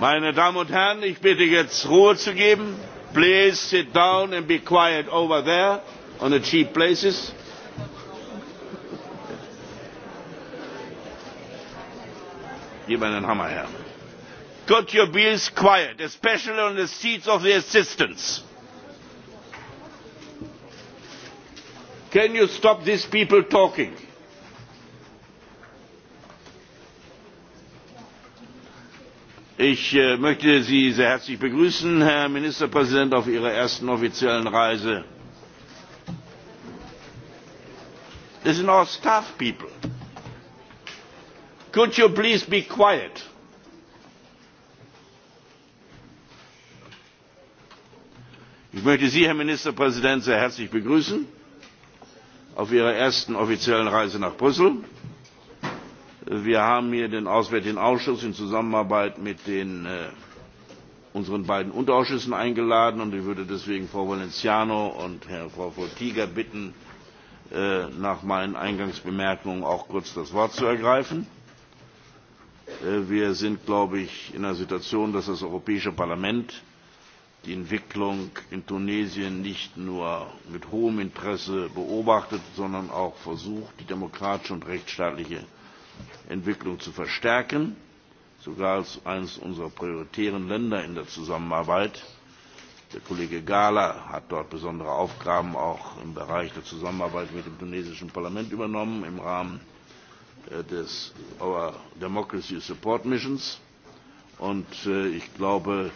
Meine Damen und Herren, ich bitte jetzt Ruhe zu geben. Please sit down and be quiet over there on the cheap places. Gib einen Hammer her. Could you quiet, especially on the seats of the assistants? Can you stop these people talking? Ich äh, möchte Sie sehr herzlich begrüßen, Herr Ministerpräsident, auf Ihrer ersten offiziellen Reise. This is our staff people. Could you please be quiet? Ich möchte Sie, Herr Ministerpräsident, sehr herzlich begrüßen auf Ihrer ersten offiziellen Reise nach Brüssel Wir haben hier den Auswärtigen Ausschuss in Zusammenarbeit mit den, äh, unseren beiden Unterausschüssen eingeladen und ich würde deswegen Frau Valenciano und Frau fotyga bitten, äh, nach meinen Eingangsbemerkungen auch kurz das Wort zu ergreifen. Äh, wir sind, glaube ich, in der Situation, dass das Europäische Parlament die Entwicklung in Tunesien nicht nur mit hohem Interesse beobachtet, sondern auch versucht, die demokratische und rechtsstaatliche Entwicklung zu verstärken, sogar als eines unserer prioritären Länder in der Zusammenarbeit. Der Kollege Gahler hat dort besondere Aufgaben auch im Bereich der Zusammenarbeit mit dem tunesischen Parlament übernommen im Rahmen äh, des Our Democracy Support Missions. Und äh, ich glaube,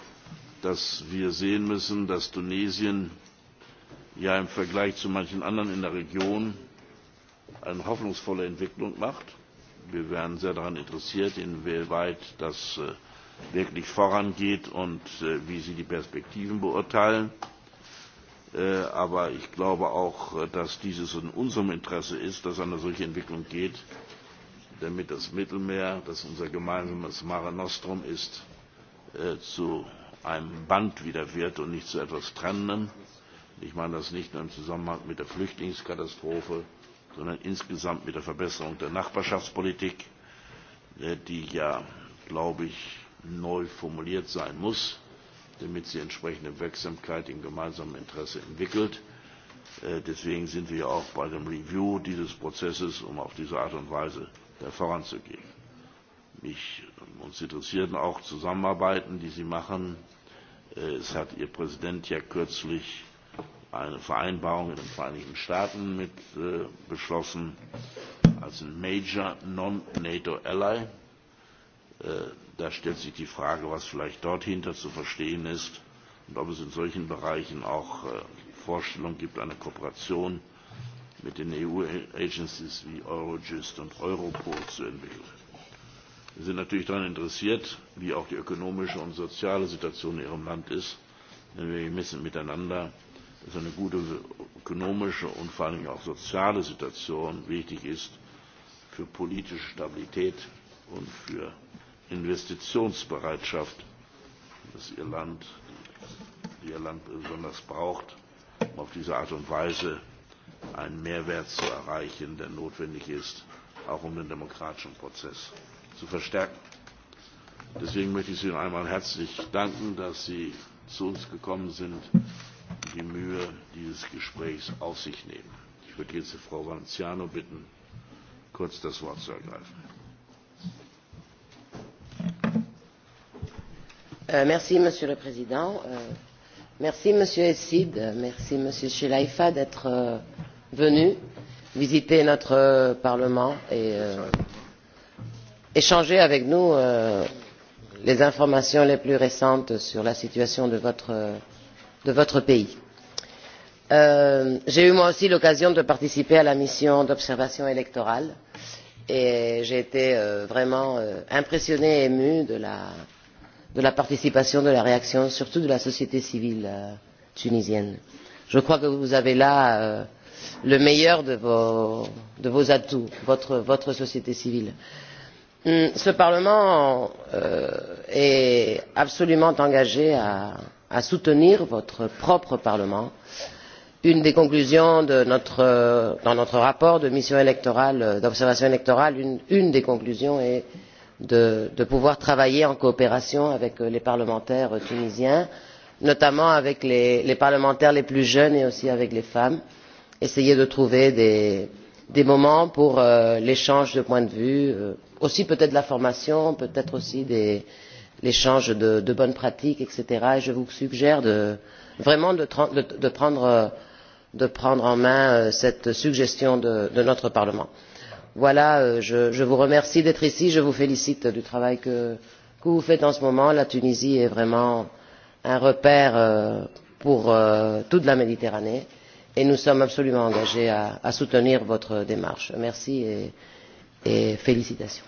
dass wir sehen müssen, dass Tunesien ja im Vergleich zu manchen anderen in der Region eine hoffnungsvolle Entwicklung macht wir wären sehr daran interessiert, inwieweit das äh, wirklich vorangeht und äh, wie Sie die Perspektiven beurteilen. Äh, aber ich glaube auch, dass dies in unserem Interesse ist, dass eine solche Entwicklung geht, damit das Mittelmeer, das unser gemeinsames Mare Nostrum ist, zu einem Band wieder wird und nicht zu etwas Trennendem. Ich meine das nicht nur im Zusammenhang mit der Flüchtlingskatastrophe, sondern insgesamt mit der Verbesserung der Nachbarschaftspolitik, äh, die ja, glaube ich, neu formuliert sein muss, damit sie entsprechende Wirksamkeit im gemeinsamen Interesse entwickelt. Äh, deswegen sind wir auch bei dem Review dieses Prozesses, um auf diese Art und Weise voranzugehen. Mich, uns interessieren auch Zusammenarbeiten, die Sie machen. Äh, es hat Ihr Präsident ja kürzlich eine Vereinbarung in den Vereinigten Staaten mit äh, beschlossen als ein Major Non-NATO Ally. Äh, da stellt sich die Frage, was vielleicht dort hinter zu verstehen ist und ob es in solchen Bereichen auch äh, Vorstellungen gibt, eine Kooperation mit den EU-Agencies wie Eurojust und Europol zu entwickeln. Wir sind natürlich daran interessiert, wie auch die ökonomische und soziale Situation in Ihrem Land ist, denn wir müssen miteinander dass eine gute ökonomische und vor allem auch soziale Situation wichtig ist für politische Stabilität und für Investitionsbereitschaft, dass ihr Land, ihr Land besonders braucht, um auf diese Art und Weise einen Mehrwert zu erreichen, der notwendig ist, auch um den demokratischen Prozess zu verstärken. Deswegen möchte ich Sie noch einmal herzlich danken, dass Sie zu uns gekommen sind die Mühe dieses Gesprächs auf sich nehmen. Ich würde jetzt Frau Valenciano bitten, kurz das Wort zu ergreifen. Euh, merci, Monsieur le Président. Euh, merci, Monsieur Essid. Euh, merci, Monsieur Chelaifa, d'être venu visiter notre Parlement et échanger avec nous les informations les plus récentes sur la situation de votre de votre pays. Euh, j'ai eu moi aussi l'occasion de participer à la mission d'observation électorale et j'ai été euh, vraiment euh, impressionnée et émue de la, de la participation de la réaction surtout de la société civile tunisienne. je crois que vous avez là le meilleur de vos, de vos atouts votre, votre société civile. ce parlement est absolument engagé à à soutenir votre propre parlement une des conclusions de notre, dans notre rapport de mission électorale d'observation électorale une, des conclusions est de, pouvoir travailler en coopération avec les parlementaires tunisiens notamment avec les, parlementaires les plus jeunes et aussi avec les femmes essayer de trouver des, moments pour euh, l'échange de points de vue euh, aussi peut être la formation peut être aussi des l'échange de, de bonnes pratiques etc. et je vous suggère de, vraiment de, de prendre, euh, prendre en main euh, cette suggestion de notre parlement. voilà euh, je, je vous remercie d'être ici je vous félicite du travail que, que vous faites en ce moment. la tunisie est vraiment un repère pour toute la méditerranée et nous sommes absolument engagés à, à soutenir votre démarche. merci et, et félicitations.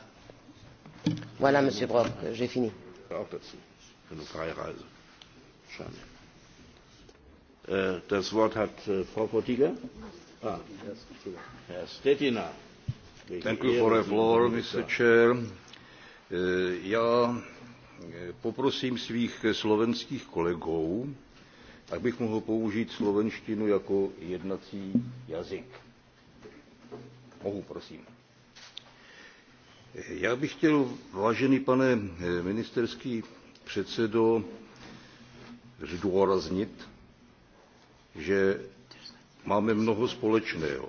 voilà monsieur brok j'ai fini gehörte auch dazu. Eine Reise. Äh, das Wort hat äh, Frau Potiga. Ah, Herr Stetina. Thank you for the floor, Mr. Chair. Äh, ja já poprosím svých eh, slovenských kolegů, abych mohl použít slovenštinu jako jednací jazyk. Mohu, prosím já bych chtěl vážený pane eh, ministerský předsedo zdůraznit že máme mnoho společného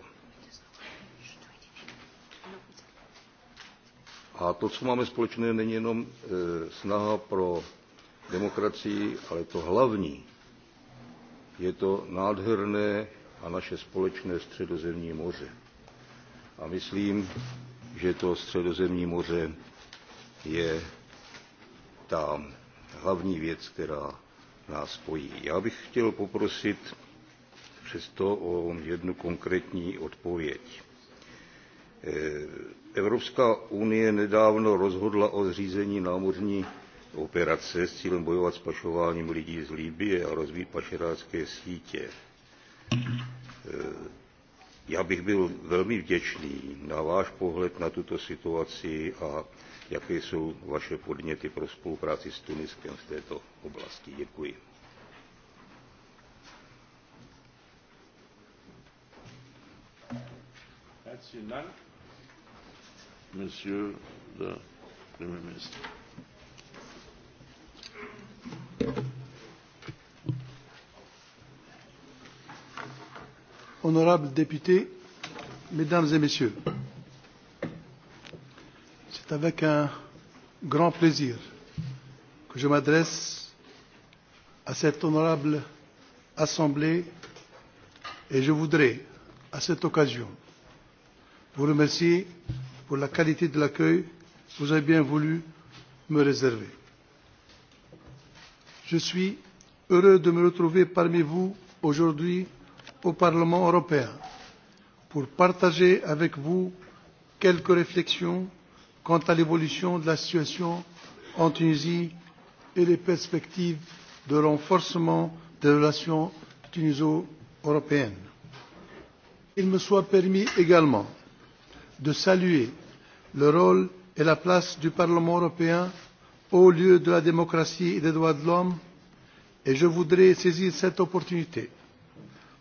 a to co máme společné není jenom eh, snaha pro demokracii ale to hlavní je to nádherné a naše společné středozemní moře a myslím že to středozemní moře je ta hlavní věc, která nás spojí. Já bych chtěl poprosit přesto o jednu konkrétní odpověď. Eh, Evropská unie nedávno rozhodla o zřízení námořní operace s cílem bojovat s pašováním lidí z Líbie a rozvíjet pašerácké sítě eh, já bych byl velmi vděčný na váš pohled na tuto situaci a jaké jsou vaše podněty pro spolupráci s Tuniskem v této oblasti. Děkuji. Monsieur le honorables députés, mesdames et messieurs, c'est avec un grand plaisir que je m'adresse à cette honorable Assemblée et je voudrais, à cette occasion, vous remercier pour la qualité de l'accueil que vous avez bien voulu me réserver. Je suis heureux de me retrouver parmi vous aujourd'hui au Parlement européen pour partager avec vous quelques réflexions quant à l'évolution de la situation en Tunisie et les perspectives de renforcement des relations tuniso européennes. Il me soit permis également de saluer le rôle et la place du Parlement européen au lieu de la démocratie et des droits de l'homme et je voudrais saisir cette opportunité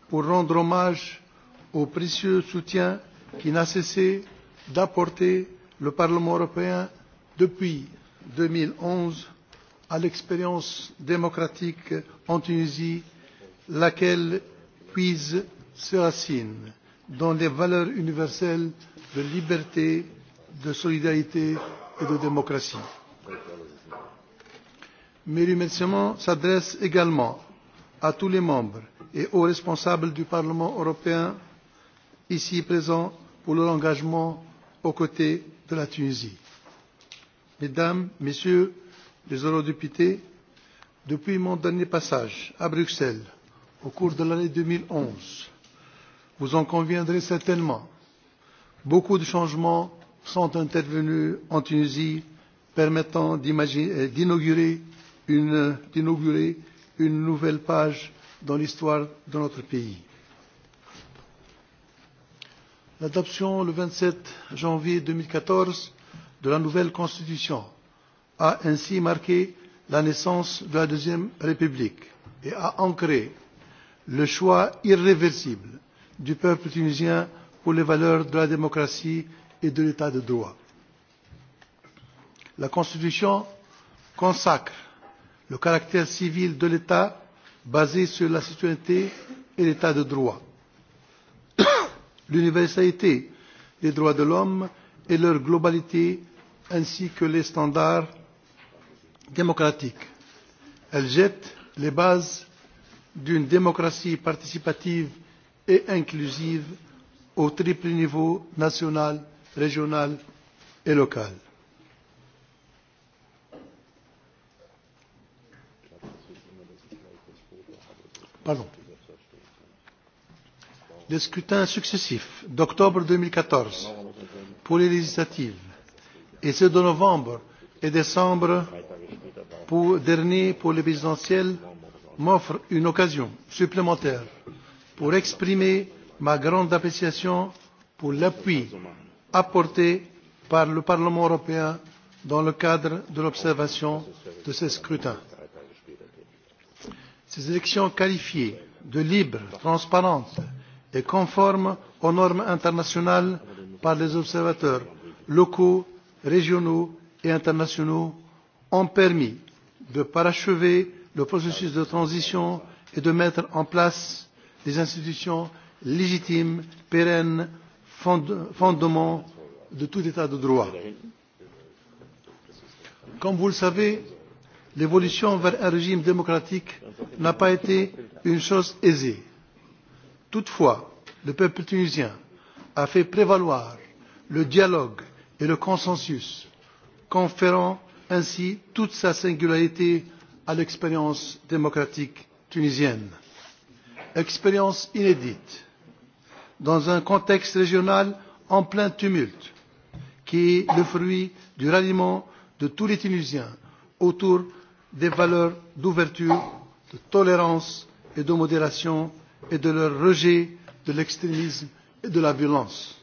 pour rendre hommage au précieux soutien qui n'a cessé d'apporter le Parlement européen depuis 2011 à l'expérience démocratique en Tunisie, laquelle puise ses racines dans les valeurs universelles de liberté, de solidarité et de démocratie. Mes remerciements s'adressent également à tous les membres et aux responsables du Parlement européen ici présents pour leur engagement aux côtés de la Tunisie. Mesdames, Messieurs les eurodéputés, depuis mon dernier passage à Bruxelles au cours de l'année 2011, vous en conviendrez certainement, beaucoup de changements sont intervenus en Tunisie permettant euh, d'inaugurer une, une nouvelle page dans l'histoire de notre pays. L'adoption le 27 janvier 2014 de la nouvelle constitution a ainsi marqué la naissance de la deuxième république et a ancré le choix irréversible du peuple tunisien pour les valeurs de la démocratie et de l'état de droit. La constitution consacre le caractère civil de l'état basé sur la citoyenneté et l'état de droit l'universalité des droits de l'homme et leur globalité ainsi que les standards démocratiques. elle jette les bases d'une démocratie participative et inclusive au triple niveau national régional et local. pardon, des scrutins successifs d'octobre 2014 pour les législatives et ceux de novembre et décembre pour, dernier pour les présidentielles m'offrent une occasion supplémentaire pour exprimer ma grande appréciation pour l'appui apporté par le Parlement européen dans le cadre de l'observation de ces scrutins ces élections qualifiées de libres transparentes et conformes aux normes internationales par les observateurs locaux régionaux et internationaux ont permis de parachever le processus de transition et de mettre en place des institutions légitimes pérennes fondement de tout état de droit. comme vous le savez l'évolution vers un régime démocratique n'a pas été une chose aisée. toutefois le peuple tunisien a fait prévaloir le dialogue et le consensus conférant ainsi toute sa singularité à l'expérience démocratique tunisienne expérience inédite dans un contexte régional en plein tumulte qui est le fruit du ralliement de tous les tunisiens autour des valeurs d'ouverture, de tolérance et de modération et de leur rejet de l'extrémisme et de la violence.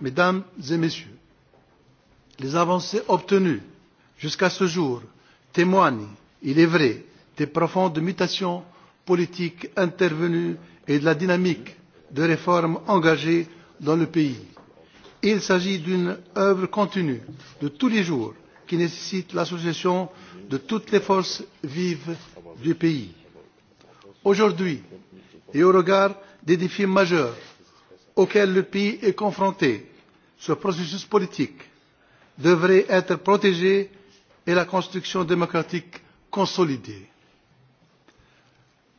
Mesdames et Messieurs, les avancées obtenues jusqu'à ce jour témoignent, il est vrai, des profondes mutations politiques intervenues et de la dynamique de réformes engagées dans le pays. Il s'agit d'une œuvre continue de tous les jours qui nécessite l'association de toutes les forces vives du pays. Aujourd'hui, et au regard des défis majeurs auxquels le pays est confronté, ce processus politique devrait être protégé et la construction démocratique consolidée.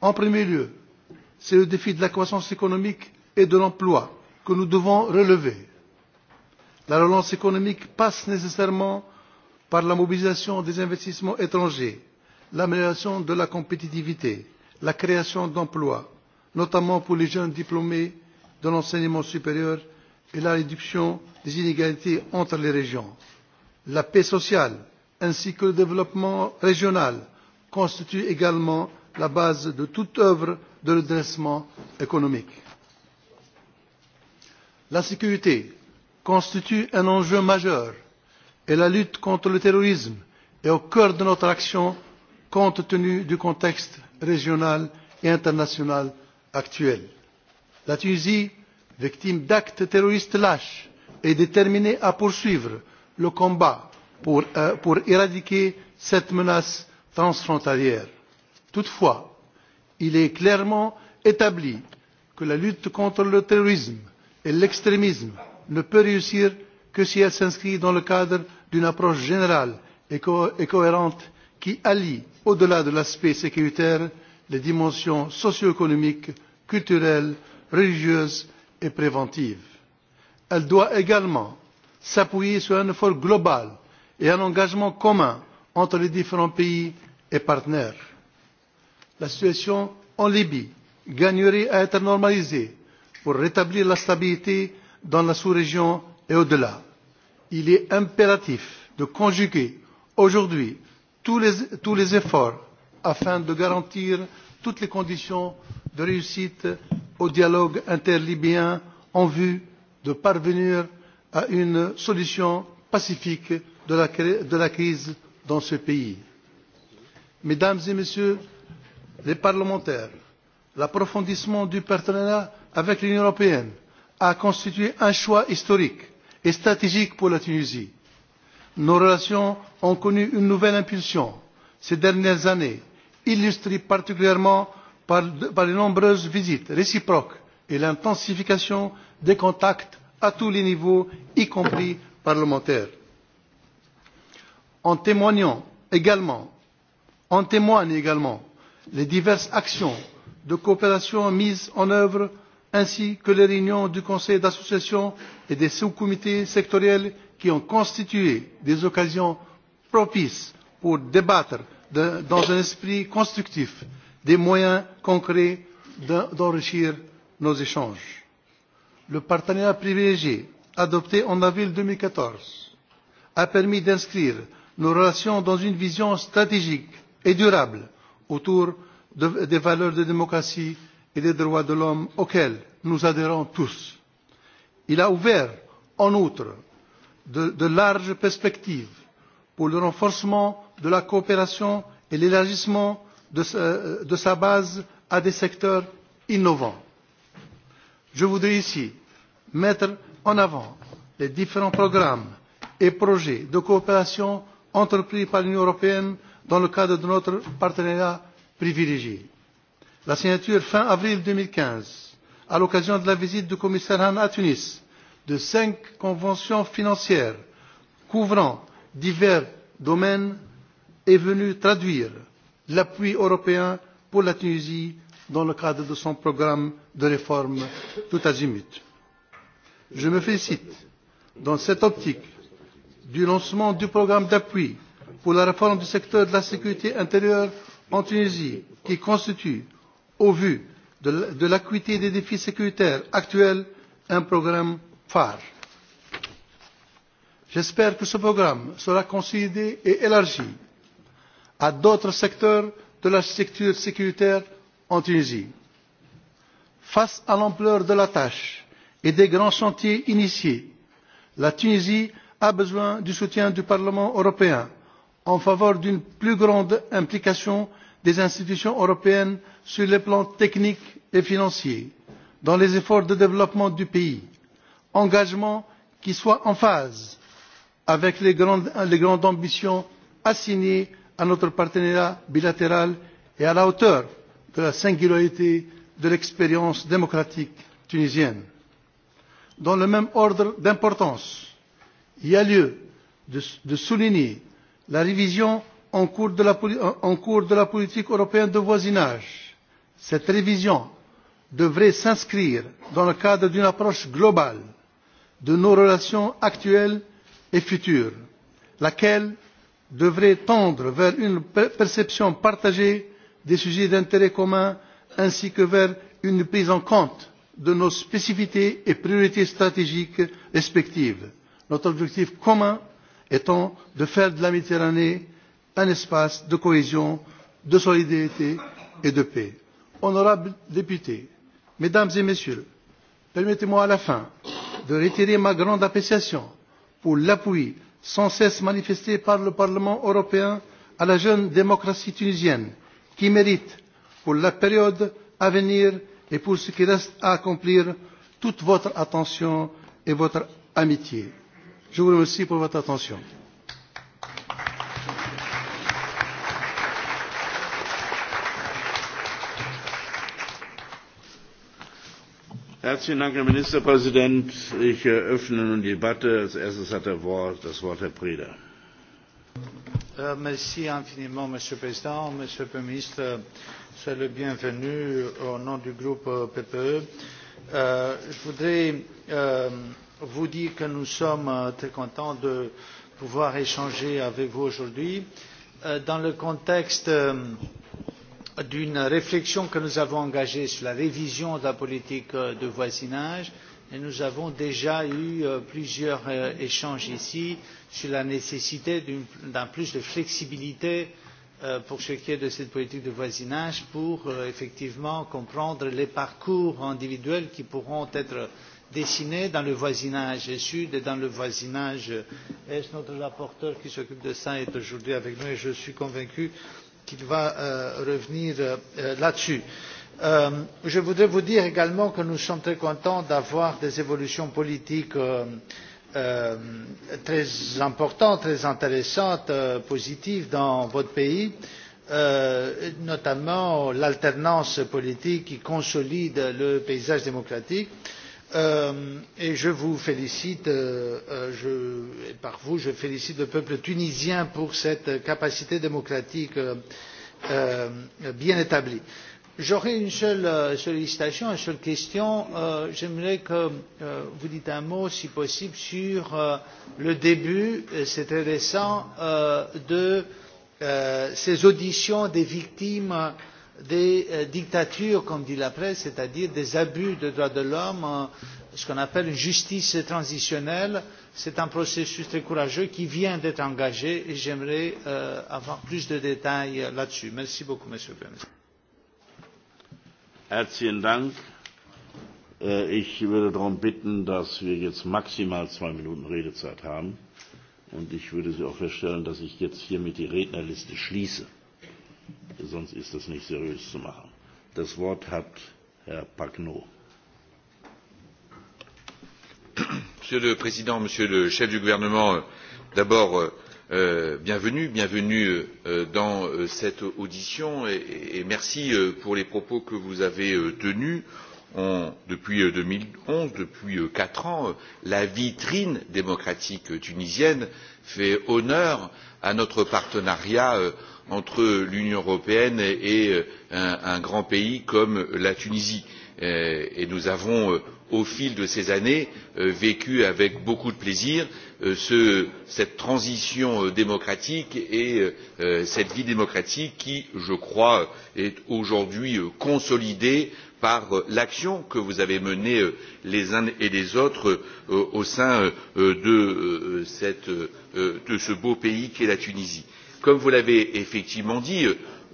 En premier lieu, c'est le défi de la croissance économique et de l'emploi que nous devons relever. La relance économique passe nécessairement par la mobilisation des investissements étrangers l'amélioration de la compétitivité la création d'emplois notamment pour les jeunes diplômés de l'enseignement supérieur et la réduction des inégalités entre les régions. la paix sociale ainsi que le développement régional constituent également la base de toute œuvre de redressement économique. la sécurité constitue un enjeu majeur et la lutte contre le terrorisme est au cœur de notre action compte tenu du contexte régional et international actuel. la tunisie victime d'actes terroristes lâches est déterminée à poursuivre le combat euh, pour, éradiquer cette menace transfrontalière. toutefois il est clairement établi que la lutte contre le terrorisme et l'extrémisme ne peut réussir que si elle s'inscrit dans le cadre d'une approche générale et, cohérente qui allie au delà de l'aspect sécuritaire les dimensions socio économiques culturelles religieuses et préventives. elle doit également s'appuyer sur un effort global et un engagement commun entre les différents pays et partenaires. la situation en libye gagnerait à être normalisée pour rétablir la stabilité dans la sous région et au delà il est impératif de conjuguer aujourd'hui tous les, efforts afin de garantir toutes les conditions de réussite au dialogue interlibyen en vue de parvenir à une solution pacifique de la crise dans ce pays. mesdames et messieurs les parlementaires l'approfondissement du partenariat avec l'union européenne a constitué un choix historique et stratégique pour la Tunisie. Nos relations ont connu une nouvelle impulsion ces dernières années, illustrée particulièrement par, les nombreuses visites réciproques et l'intensification des contacts à tous les niveaux, y compris parlementaires. En également, en témoignent également les diverses actions de coopération mises en œuvre ainsi que les réunions du conseil d'association et des sous comités sectoriels qui ont constitué des occasions propices pour débattre dans un esprit constructif des moyens concrets d'enrichir nos échanges. le partenariat privilégié adopté en avril deux mille quatorze a permis d'inscrire nos relations dans une vision stratégique et durable autour des valeurs de démocratie et des droits de l'homme auquel nous adhérons tous. il a ouvert en outre de, larges perspectives pour le renforcement de la coopération et l'élargissement de sa base à des secteurs innovants. je voudrais ici mettre en avant les différents programmes et projets de coopération entrepris par l'union européenne dans le cadre de notre partenariat privilégié la signature fin avril deux mille quinze à l'occasion de la visite du commissaire hahn à tunis de cinq conventions financières couvrant divers domaines est venue traduire l'appui européen pour la tunisie dans le cadre de son programme de réforme tous azimuts. je me félicite dans cette optique du lancement du programme d'appui pour la réforme du secteur de la sécurité intérieure en tunisie qui constitue au vu de l'acuité des défis sécuritaires actuels un programme phare. j'espère que ce programme sera consolidé et élargi à d'autres secteurs de l'architecture sécuritaire en tunisie. face à l'ampleur de la tâche et des grands chantiers initiés la tunisie a besoin du soutien du parlement européen en faveur d'une plus grande implication des institutions européennes sur les plans technique et financier dans les efforts de développement du pays engagement qui soit en phase avec les grandes, ambitions assignées à notre partenariat bilatéral et à la hauteur de la singularité de l'expérience démocratique tunisienne. dans le même ordre d'importance il y a lieu de, souligner la révision en cours de la politique européenne de voisinage cette révision devrait s'inscrire dans le cadre d'une approche globale de nos relations actuelles et futures laquelle devrait tendre vers une perception partagée des sujets d'intérêt commun ainsi que vers une prise en compte de nos spécificités et priorités stratégiques respectives notre objectif commun étant de faire de la méditerranée un espace de cohésion de solidarité et de paix honorables députés mesdames et messieurs permettez moi à la fin de retirer ma grande appréciation pour l'appui sans cesse manifesté par le parlement européen à la jeune démocratie tunisienne qui mérite pour la période à venir et pour ce qui reste à accomplir toute votre attention et votre amitié. je vous remercie pour votre attention. Herzlichen Dank, Herr Ministerpräsident. Ich eröffne äh, nun die Debatte. Als erstes hat das Wort, das Herr Preda. Euh, merci infiniment, Monsieur le Président, Monsieur le Ministre. Soyez le bienvenu au nom du groupe euh, PPE. Euh, je voudrais vous dire que nous sommes très contents de pouvoir échanger avec vous aujourd'hui dans le contexte d'une réflexion que nous avons engagée sur la révision de la politique euh, de voisinage et nous avons déjà eu euh, plusieurs euh, échanges ici sur la nécessité d'un plus de flexibilité pour ce qui est de cette politique de voisinage pour effectivement comprendre les parcours individuels qui pourront être dessinés dans le voisinage sud et dans le voisinage est. notre rapporteur qui s'occupe de cela est aujourd'hui avec nous et je suis convaincu qu'il va euh, revenir euh, là dessus. Euh, je voudrais vous dire également que nous sommes très contents d'avoir des évolutions politiques très importantes très intéressantes positives dans votre pays notamment l'alternance politique qui consolide le paysage démocratique. Euh, et je vous félicite euh, euh, et par vous je félicite le peuple tunisien pour cette capacité démocratique bien établie. j'aurais une seule sollicitation une seule question j'aimerais que vous dites un mot si possible sur le début c'est très récent de ces auditions des victimes des euh, dictatures, comme dit la presse, c'est-à-dire des abus de droits de l'homme, euh, ce qu'on appelle une justice transitionnelle. C'est un processus très courageux qui vient d'être engagé et j'aimerais euh, avoir plus de détails là-dessus. Merci beaucoup, Monsieur le Président. Herzlichen Dank. Äh, ich würde darum bitten, dass wir jetzt maximal zwei Minuten Redezeit haben. Und ich würde Sie auch feststellen, dass ich jetzt hiermit die Rednerliste schließe. Sonst ist das nicht seriös zu machen. Das Wort hat Herr Pagno. Monsieur le Président, Monsieur le chef du gouvernement, d'abord euh, euh bienvenue, bienvenue euh, dans euh, cette audition et, et merci euh, pour les propos que vous avez tenus ont depuis euh, deux mille onze depuis euh, quatre ans euh, la vitrine démocratique tunisienne fait honneur à notre partenariat entre l'union européenne et un grand pays comme la tunisie. Euh, et nous avons euh, au fil de ces années euh, vécu avec beaucoup de plaisir cette transition démocratique et cette vie démocratique qui je crois est aujourd'hui consolidée par l'action que vous avez menée les uns et les autres au sein de, de ce beau pays qu'est la tunisie. comme vous l'avez effectivement dit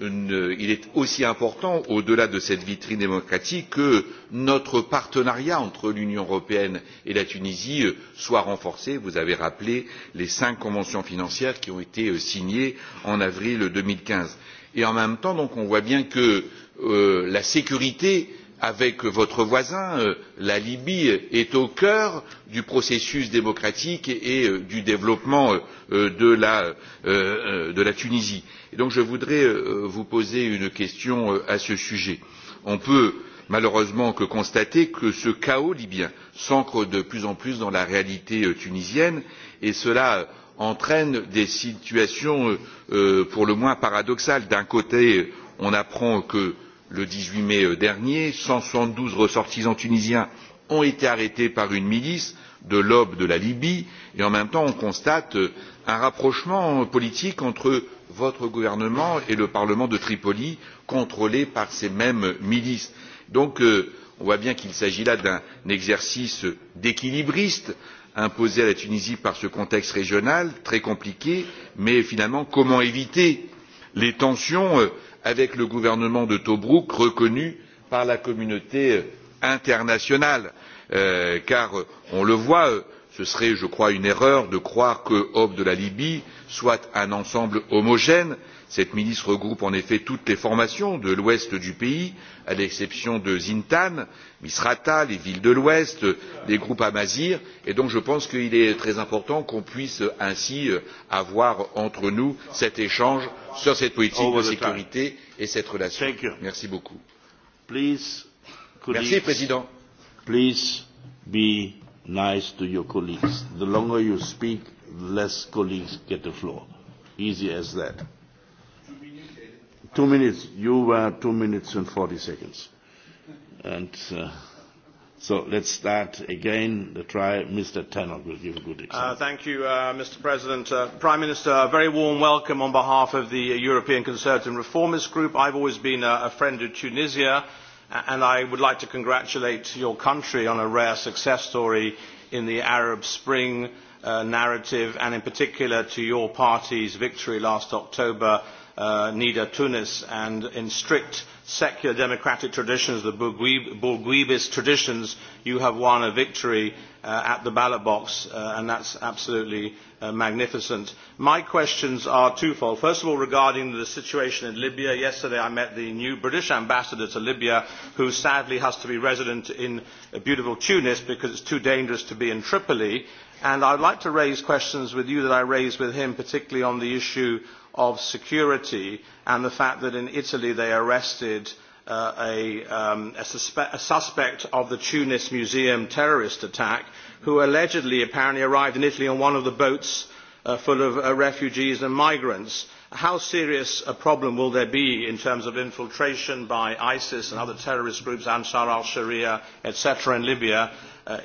Euh, il est aussi important au delà de cette vitrine démocratique que notre partenariat entre l'union européenne et la tunisie euh, soit renforcé vous avez rappelé les cinq conventions financières qui ont été euh, signées en avril deux mille quinze et en même temps on voit bien que la sécurité avec votre voisin euh, la libye est au cœur du processus démocratique et euh, du développement euh, de la, tunisie. je voudrais vous poser une question à ce sujet. on ne peut malheureusement que constater que ce chaos libyen s'ancre de plus en plus dans la réalité tunisienne et cela entraîne des situations pour le moins paradoxales d'un côté on apprend que le dix huit mai euh, dernier cent soixante douze ressortissants tunisiens ont été arrêtés par une milice de l'aube de la libye et en même temps on constate euh, un rapprochement politique entre votre gouvernement et le parlement de tripoli contrôlé par ces mêmes milices. Euh, on voit bien qu'il s'agit là d'un exercice d'équilibriste imposé à la tunisie par ce contexte régional très compliqué mais finalement comment éviter les tensions avec le gouvernement de tobrouk reconnu par la communauté euh, internationale euh, car euh, on le voit ce serait je crois une erreur de croire que hope de la libye soit un ensemble homogène cette milice regroupe en effet toutes les formations de l'ouest du pays à l'exception de zintan misrata les villes de l'ouest les groupes amazighs et donc je pense qu'il est très important qu'on puisse ainsi euh, avoir entre nous cet échange sur cette politique de sécurité et cette relation. merci beaucoup. président less colleagues get the floor. Easy as that. Two minutes. You were two minutes and 40 seconds. And uh, so let's start again. The try. Mr. Tannock will give a good uh, example. Uh, thank you, uh, Mr. President. Uh, Prime Minister, a very warm welcome on behalf of the uh, European Conservative and Reformist Group. I've always been a, a friend of Tunisia and i would like to congratulate your country on a rare success story in the arab spring Uh, narrative and in particular to your party's victory last October uh, nida tunis and in strict secular democratic traditions the bourguibist traditions you have won a victory uh, at the ballot box uh, and that's absolutely uh, magnificent. my questions are twofold first of all regarding the situation in libya yesterday i met the new british ambassador to libya who sadly has to be resident in beautiful tunis because it is too dangerous to be in tripoli and i would like to raise questions with you that i raised with him particularly on the issue of security and the fact that in Italy they arrested uh, a, um, a, suspect of the Tunis Museum terrorist attack who allegedly apparently arrived in Italy on one of the boats uh, full of uh, refugees and migrants. How serious a problem will there be in terms of infiltration by ISIS and other terrorist groups, Ansar al-Sharia, etc. in Libya,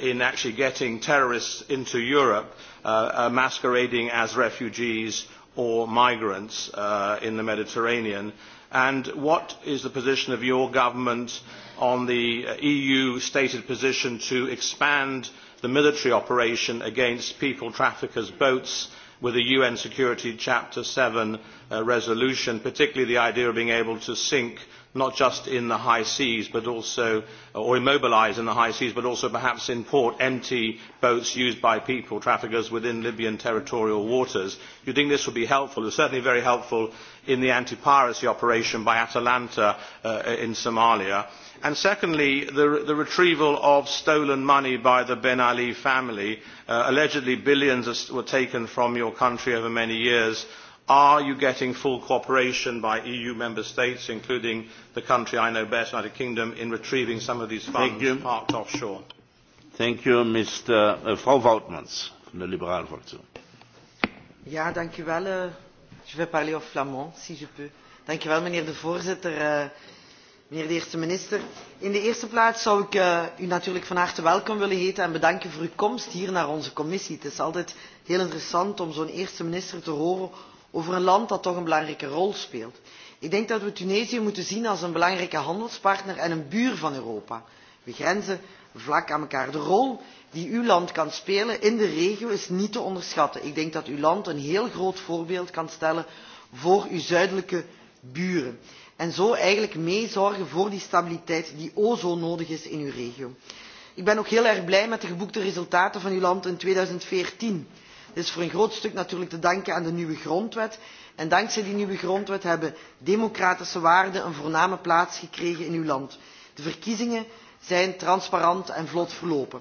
in actually getting terrorists into Europe masquerading as refugees or migrants uh, in the Mediterranean? And what is the position of your government on the uh, EU stated position to expand the military operation against people traffickers' boats with a UN Security Chapter 7 uh, resolution, particularly the idea of being able to sink not just in the high seas but also uh, or immobilise in the high seas but also perhaps in port empty boats used by people traffickers within libyan territorial waters. do you think this would be helpful? it was certainly very helpful in the anti piracy operation by atalanta uh, in somalia. And secondly the, the retrieval of stolen money by the ben ali family. Uh, allegedly billions were taken from your country over many years are you getting full cooperation by eu member states including the country i know best united kingdom in retrieving some of these funds parked offshore? Thank you, Mr. Uh, Frau Woutmans the Liberal Ja, dank u wel. Eh, je vais parler au flamand, si je peux. Dank u wel, meneer de voorzitter, eh, meneer de eerste minister. In de eerste plaats zou ik eh, u natuurlijk van harte welkom willen heten en bedanken voor uw komst hier naar onze commissie. Het is altijd heel interessant om zo'n eerste minister te horen over een land dat toch een belangrijke rol speelt. ik denk dat we tunesië moeten zien als een belangrijke handelspartner en een buur van europa. we grenzen vlak aan elkaar. de rol die uw land kan spelen in de regio is niet te onderschatten. ik denk dat uw land een heel groot voorbeeld kan stellen voor uw zuidelijke buren en zo eigenlijk mee zorgen voor die stabiliteit die o zo nodig is in uw regio. ik ben ook heel erg blij met de geboekte resultaten van uw land in tweeduizendveertien Het is voor een groot stuk natuurlijk te danken aan de nieuwe grondwet en dankzij die nieuwe grondwet hebben democratische waarden een voorname plaats gekregen in uw land. de verkiezingen zijn transparant en vlot verlopen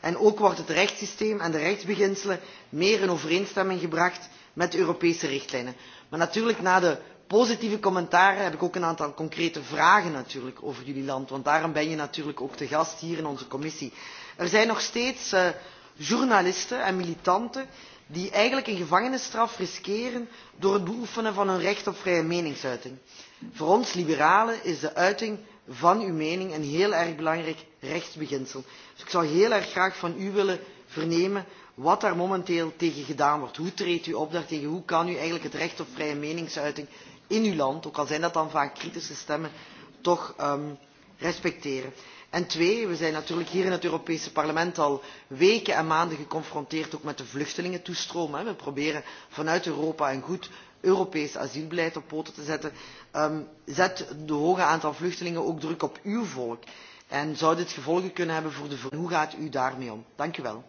en ook wordt het rechtssysteem en de rechtsbeginselen meer in overeenstemming gebracht met de europese richtlijnen. maar natuurlijk na de positieve commentaren heb ik ook een aantal concrete vragen natuurlijk over jullie land want daarom ben je natuurlijk ook te gast hier in onze commissie. er zijn nog steeds eh, journalisten en militanten die eigenlijk een gevangenisstraf riskeren door het beoefenen van hun recht op vrije meningsuiting. voor ons liberalen is de uiting van uw mening een heel erg belangrijk rechtsbeginsel. dus ik zou heel erg graag van u willen vernemen wat daar momenteel tegen gedaan wordt. hoe treedt u op daartegen? hoe kan u eigenlijk het recht op vrije meningsuiting in uw land ook al zijn dat dan vaak kritische stemmen toch ehm, respecteren? en twee we zijn natuurlijk hier in het europees parlement al weken en maanden geconfronteerd ook met de vluchtelingentoestroom. we proberen vanuit europa een goed europees asielbeleid op poten te zetten. Ehm, zet het hoge aantal vluchtelingen ook druk op uw volk en zou dit gevolgen kunnen hebben voor de hoe gaat u daarmee om? dank u wel.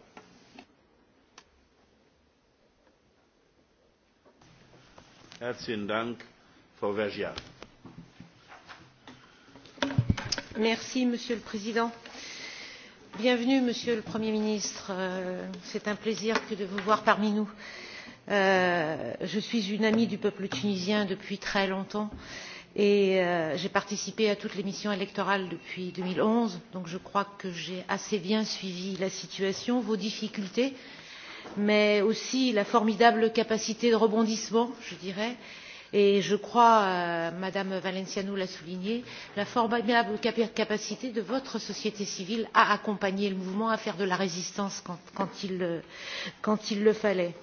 Dank, Merci, Monsieur le Président. Bienvenue, Monsieur le Premier ministre. Euh, c'est un plaisir que de vous voir parmi nous. Euh, je suis une amie du peuple tunisien depuis très longtemps et euh, j'ai participé à toutes les missions électorales depuis deux mille onze donc je crois que j'ai assez bien suivi la situation vos difficultés mais aussi la formidable capacité de rebondissement je dirais et je crois euh, madame valenciano l'a souligné la formidable capacité de votre société civile à accompagner le mouvement à faire de la résistance quand, il, le fallait.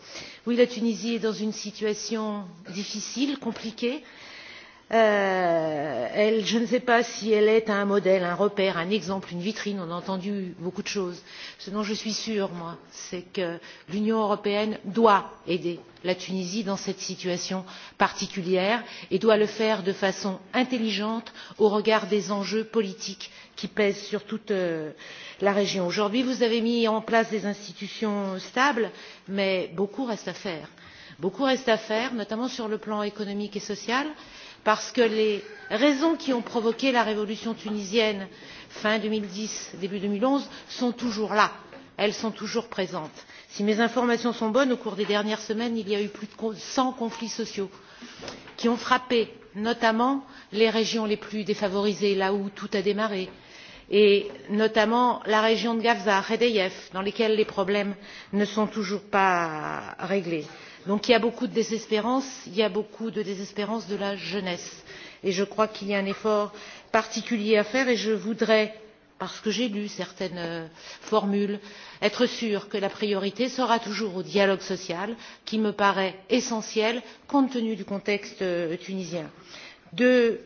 oui la tunisie est dans une situation difficile compliquée Euh, elle, je ne sais pas si elle est un modèle un repère un exemple une vitrine on a entendu beaucoup de choses. ce dont je suis sûre moi, c'est que l'union européenne doit aider la tunisie dans cette situation particulière et doit le faire de façon intelligente au regard des enjeux politiques qui pèsent sur toute euh, la région. aujourd'hui vous avez mis en place des institutions stables mais beaucoup reste à faire. beaucoup reste à faire notamment sur le plan économique et social parce que les raisons qui ont provoqué la révolution tunisienne fin deux mille dix début deux mille onze sont toujours là elles sont toujours présentes. si mes informations sont bonnes au cours des dernières semaines il y a eu plus de cent conflits sociaux qui ont frappé notamment les régions les plus défavorisées là où tout a démarré et notamment la région de gafsa hedeyef dans laquelle les problèmes ne sont toujours pas réglés donc il y a beaucoup de désespérance il y a beaucoup de désespérance de la jeunesse et je crois qu'il y a un effort particulier à faire et je voudrais parce que j'ai lu certaines euh, formules être sûre que la priorité sera toujours au dialogue social qui me paraît essentiel compte tenu du contexte euh, tunisien. deux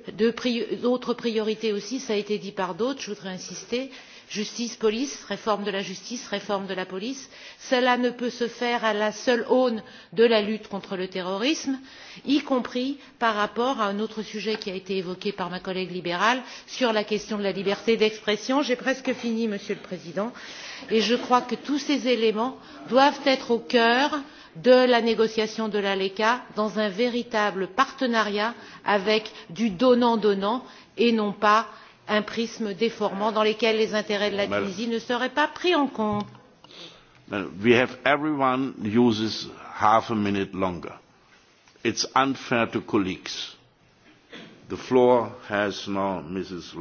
autres priorités aussi cela a été dit par d'autres je voudrais insister justice police réforme de la justice réforme de la police cela ne peut se faire à la seule aune de la lutte contre le terrorisme y compris par rapport à un autre sujet qui a été évoqué par ma collègue libérale sur la question de la liberté d'expression j'ai presque fini monsieur le président et je crois que tous ces éléments doivent être au cœur de la négociation de l'aleca dans un véritable partenariat avec du donnant donnant et non pas un prisme déformant dans lequel les intérêts de la Tunisie ne seraient pas pris en compte. everyone uses half a minute longer. It's unfair to colleagues. The floor has now Mrs.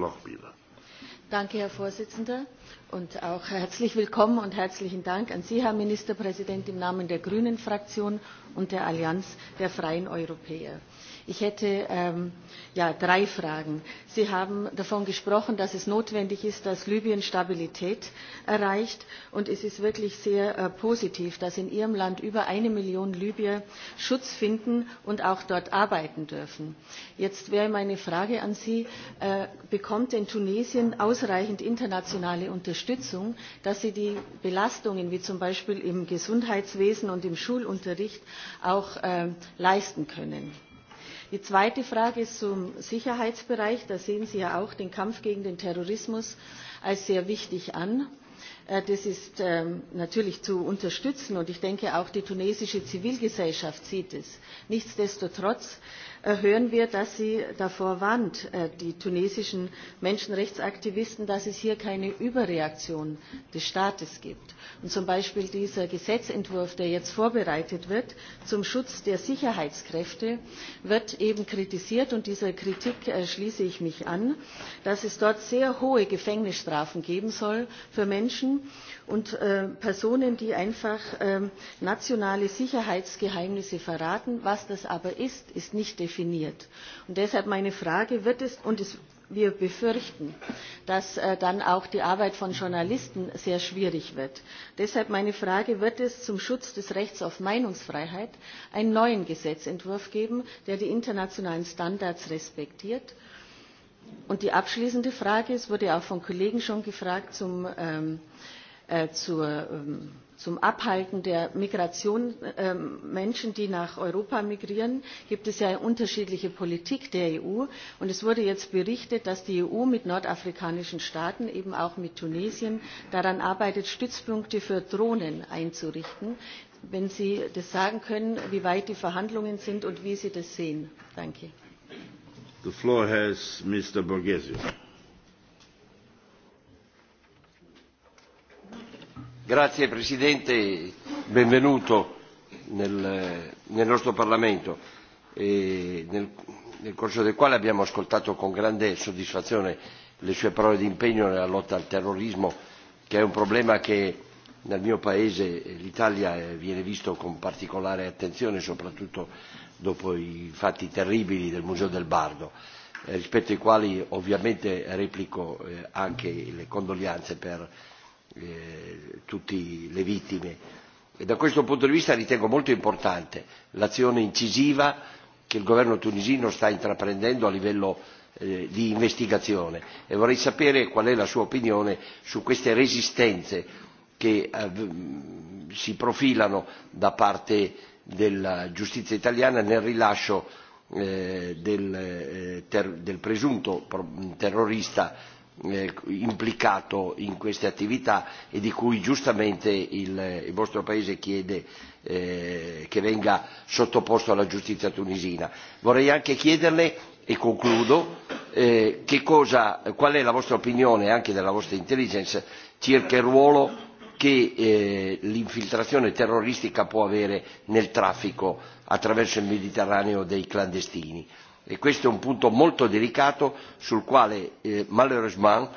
Danke, Herr Vorsitzender, und auch herzlich willkommen und herzlichen Dank an Sie, Herr Ministerpräsident, im Namen der Grünen Fraktion und der Allianz der Freien Europäer Ich hätte ähm, ja, drei Fragen. Sie haben davon gesprochen, dass es notwendig ist, dass Libyen Stabilität erreicht. Und es ist wirklich sehr äh, positiv, dass in Ihrem Land über eine Million Libyer Schutz finden und auch dort arbeiten dürfen. Jetzt wäre meine Frage an Sie, äh, bekommt denn Tunesien ausreichend internationale Unterstützung, dass sie die Belastungen wie zum Beispiel im Gesundheitswesen und im Schulunterricht auch äh, leisten können? die zweite frage ist zum sicherheitsbereich da sehen sie ja auch den kampf gegen den terrorismus als sehr wichtig an. Äh, das ist ähm, natürlich zu unterstützen und ich denke auch die tunesische zivilgesellschaft sieht es. nichtsdestotrotz Äh, hören wir dass sie davor warnt äh, die tunesischen menschenrechtsaktivisten dass es hier keine überreaktion des staates gibt und zum beispiel dieser gesetzentwurf der jetzt vorbereitet wird zum schutz der sicherheitskräfte wird eben kritisiert und dieser kritik äh, schließe ich mich an dass es dort sehr hohe gefängnisstrafen geben soll für menschen und äh, personen die einfach ähm, nationale sicherheitsgeheimnisse verraten. was das aber ist ist nicht definiert. Und deshalb meine frage wird es und wir befürchten dass äh, dann auch die arbeit von journalisten sehr schwierig wird. deshalb meine frage wird es zum schutz des rechts auf meinungsfreiheit einen neuen gesetzentwurf geben der die internationalen standards respektiert? und die abschließende frage es wurde auch von kollegen schon gefragt zum ähm, Äh, ähm, zum abhalten der migration ähm, menschen die nach europa migrieren gibt es ja eine unterschiedliche politik der eu und es wurde jetzt berichtet dass die eu mit nordafrikanischen staaten eben auch mit tunesien daran arbeitet stützpunkte für drohnen einzurichten. wenn sie das sagen können wie weit die verhandlungen sind und wie sie das sehen. danke. Grazie Presidente, benvenuto nel, nostro Parlamento, e nel, nel corso del quale abbiamo ascoltato con grande soddisfazione le sue parole di impegno nella lotta al terrorismo, che è un problema che nel mio Paese, eh, l'Italia, eh, viene visto con particolare attenzione, soprattutto dopo i fatti terribili del Museo del Bardo eh, rispetto ai quali ovviamente replico anche le condoglianze per Eh, tutte le vittime e da questo punto di vista ritengo molto importante l'azione incisiva che il governo tunisino sta intraprendendo a livello eh, di investigazione e vorrei sapere qual è la sua opinione su queste resistenze che eh, si profilano da parte della giustizia italiana nel rilascio del, del presunto terrorista Eh, implicato in queste attività e di cui giustamente il, vostro paese chiede eh, che venga sottoposto alla giustizia tunisina. Vorrei anche chiederle e concludo eh, che cosa, qual è la vostra opinione anche della vostra intelligence circa il ruolo che l'infiltrazione terroristica può avere nel traffico attraverso il Mediterraneo dei clandestini e questo è un punto molto delicato sul quale eh, malheureusement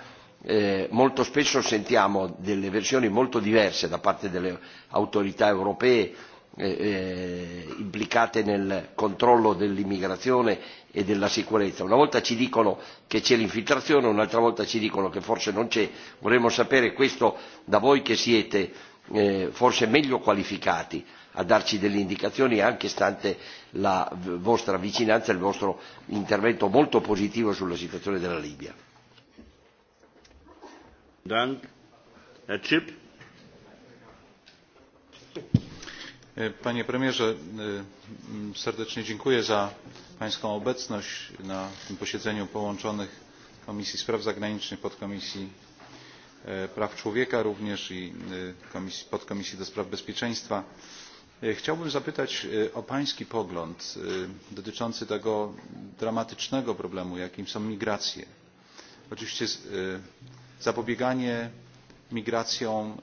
eh, molto spesso sentiamo delle versioni molto diverse da parte delle autorità europee eh, implicate nel controllo dell'immigrazione e della sicurezza. Una volta ci dicono che c'è l'infiltrazione, un'altra volta ci dicono che forse non c'è. Vorremmo sapere questo da voi che siete forse meglio qualificati a darci delle indicazioni anche stante la vostra vicinanza e il vostro intervento molto positivo sulla situazione della Libia. E, panie premierze, e, serdecznie dziękuję za pańską obecność na tym posiedzeniu połączonych Komisji Spraw Zagranicznych, Podkomisji e, Praw Człowieka również i podkomisji do spraw bezpieczeństwa E, chciałbym zapytać e, o pański pogląd e, dotyczący tego dramatycznego problemu jakim są migracje. oczywiście zapobieganie migracjom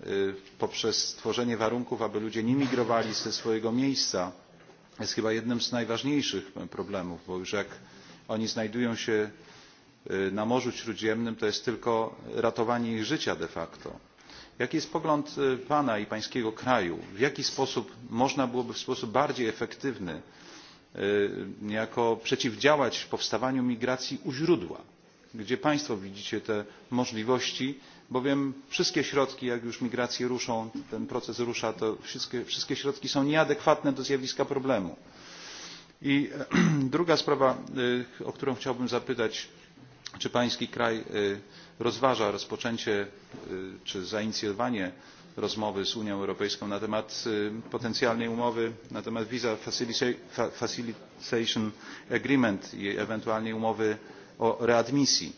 poprzez stworzenie warunków aby ludzie nie migrowali ze swojego miejsca jest chyba jednym z najważniejszych problemów bo już jak oni znajdują się na morzu śródziemnym to jest tylko ratowanie ich życia de facto jaki jest pogląd pana i pańskiego kraju w jaki sposób można byłoby w sposób bardziej efektywny jako przeciwdziałać powstawaniu migracji u źródła gdzie państwo widzicie te możliwości bowiem wszystkie środki jak już migracje ruszą ten proces rusza to wszystkie, środki są nieadekwatne do zjawiska problemu. i druga sprawa o którą chciałbym zapytać czy pański kraj rozważa rozpoczęcie czy zainicjowanie rozmowy z unią europejską na temat potencjalnej umowy na temat visa facilitation agreement i ewentualnie umowy o readmisji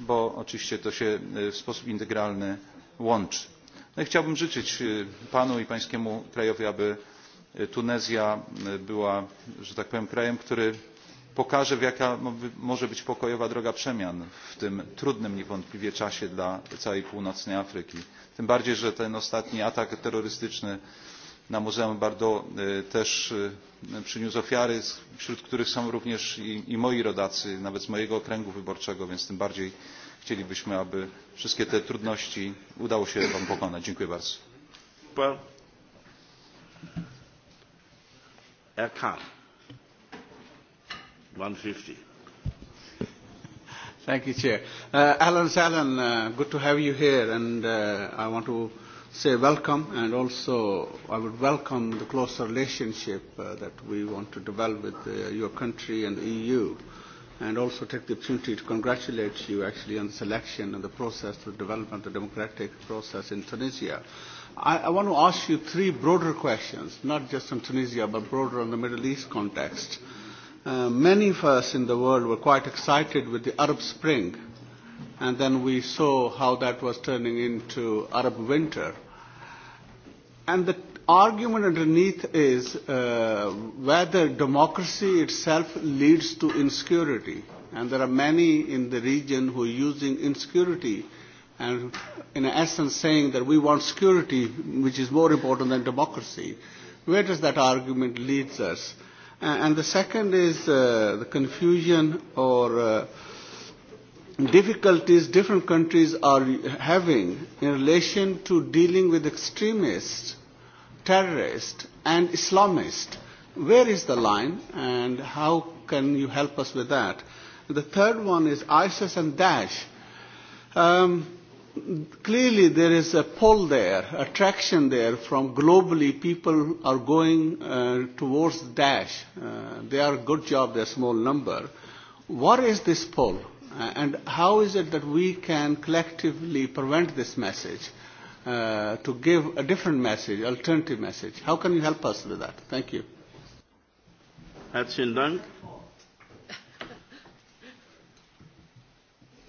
bo oczywiście to się w sposób integralny łączy. No chciałbym życzyć panu i pańskiemu krajowi aby tunezja była że tak powiem krajem który pokaże jaka może być pokojowa droga przemian w tym trudnym niewątpliwie czasie dla całej północnej afryki tym bardziej że ten ostatni atak terrorystyczny na muzeum bardo też przyniósł ofiary wśród których są również i, moi rodacy nawet z mojego okręgu wyborczego więc tym bardziej chcielibyśmy aby wszystkie te trudności udało się wam pokonać. dziękuję bardzo. 150. Thank you, Chair. Uh, Alan Salen, uh, good to have you here, and uh, I want to say welcome, and also I would welcome the closer relationship uh, that we want to develop with uh, your country and the EU, and also take the opportunity to congratulate you actually on the selection and the process to develop the democratic process in Tunisia. I, I want to ask you three broader questions, not just on Tunisia, but broader on the Middle East context. Uh, many of us in the world were quite excited with the Arab Spring, and then we saw how that was turning into Arab winter. And the argument underneath is uh, whether democracy itself leads to insecurity. And there are many in the region who are using insecurity and in essence saying that we want security, which is more important than democracy. Where does that argument lead us? And the second is uh, the confusion or uh, difficulties different countries are having in relation to dealing with extremists, terrorists and Islamists. Where is the line and how can you help us with that? The third one is ISIS and Daesh. Um, clearly there is a pull there, attraction there from globally people are going uh, towards Daesh. Uh, they are good job, they're small number. What is this pull? Uh, and how is it that we can collectively prevent this message uh, to give a different message, alternative message? How can you help us with that? Thank you. Dank.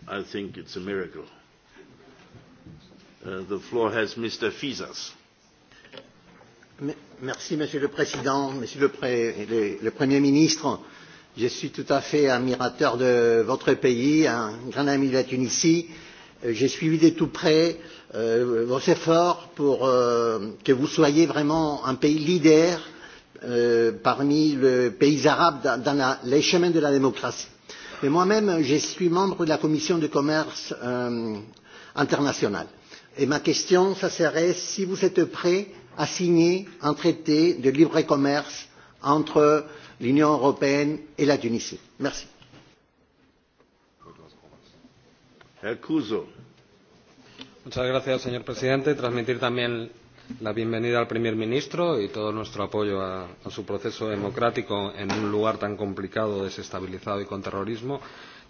I think it's a miracle. Mr. Uh, Monsieur le Président, Monsieur le, Premier ministre. Je suis tout à fait admirateur de votre pays, un grand ami de la Tunisie. Euh, J'ai suivi de tout près euh, vos efforts pour euh, que vous soyez vraiment un pays leader parmi les pays arabes dans, les chemins de la démocratie. Mais moi-même, je suis membre de la Commission de commerce international Et ma question, ça serait si vous êtes prêt à signer un traité de libre commerce entre l'Union européenne et la Tunisie. Merci. Muchas gracias, señor presidente. Transmitir también la bienvenida al primer ministro y todo nuestro apoyo a, a su proceso democrático en un lugar tan complicado, desestabilizado y con terrorismo.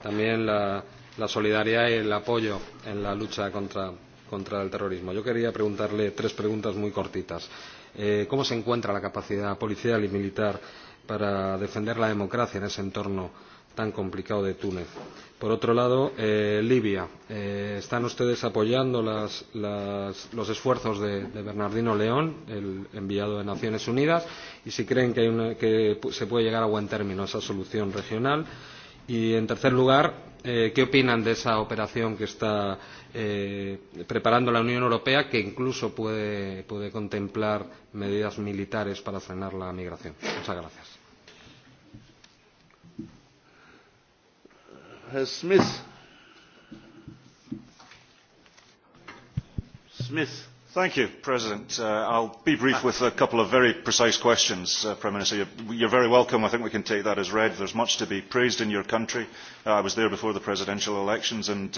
También la, la solidaridad y el apoyo en la lucha contra contra el terrorismo. Yo quería preguntarle tres preguntas muy cortitas. Eh, ¿Cómo se encuentra la capacidad policial y militar para defender la democracia en ese entorno tan complicado de Túnez? Por otro lado, eh, Libia. Eh, ¿Están ustedes apoyando las, las, los esfuerzos de, de Bernardino León, el enviado de Naciones Unidas? Y si creen que, hay una, que se puede llegar a buen término esa solución regional. Y, en tercer lugar, eh, ¿qué opinan de esa operación que está Eh, preparando la Unión Europea que incluso puede, puede contemplar medidas militares para frenar la migración. Muchas gracias. Smith. Smith mr president i uh, will be brief with a couple of very precise questions. Uh, prime minister you are very welcome. i think we can take that as read. there is much to be praised in your country. Uh, i was there before the presidential elections and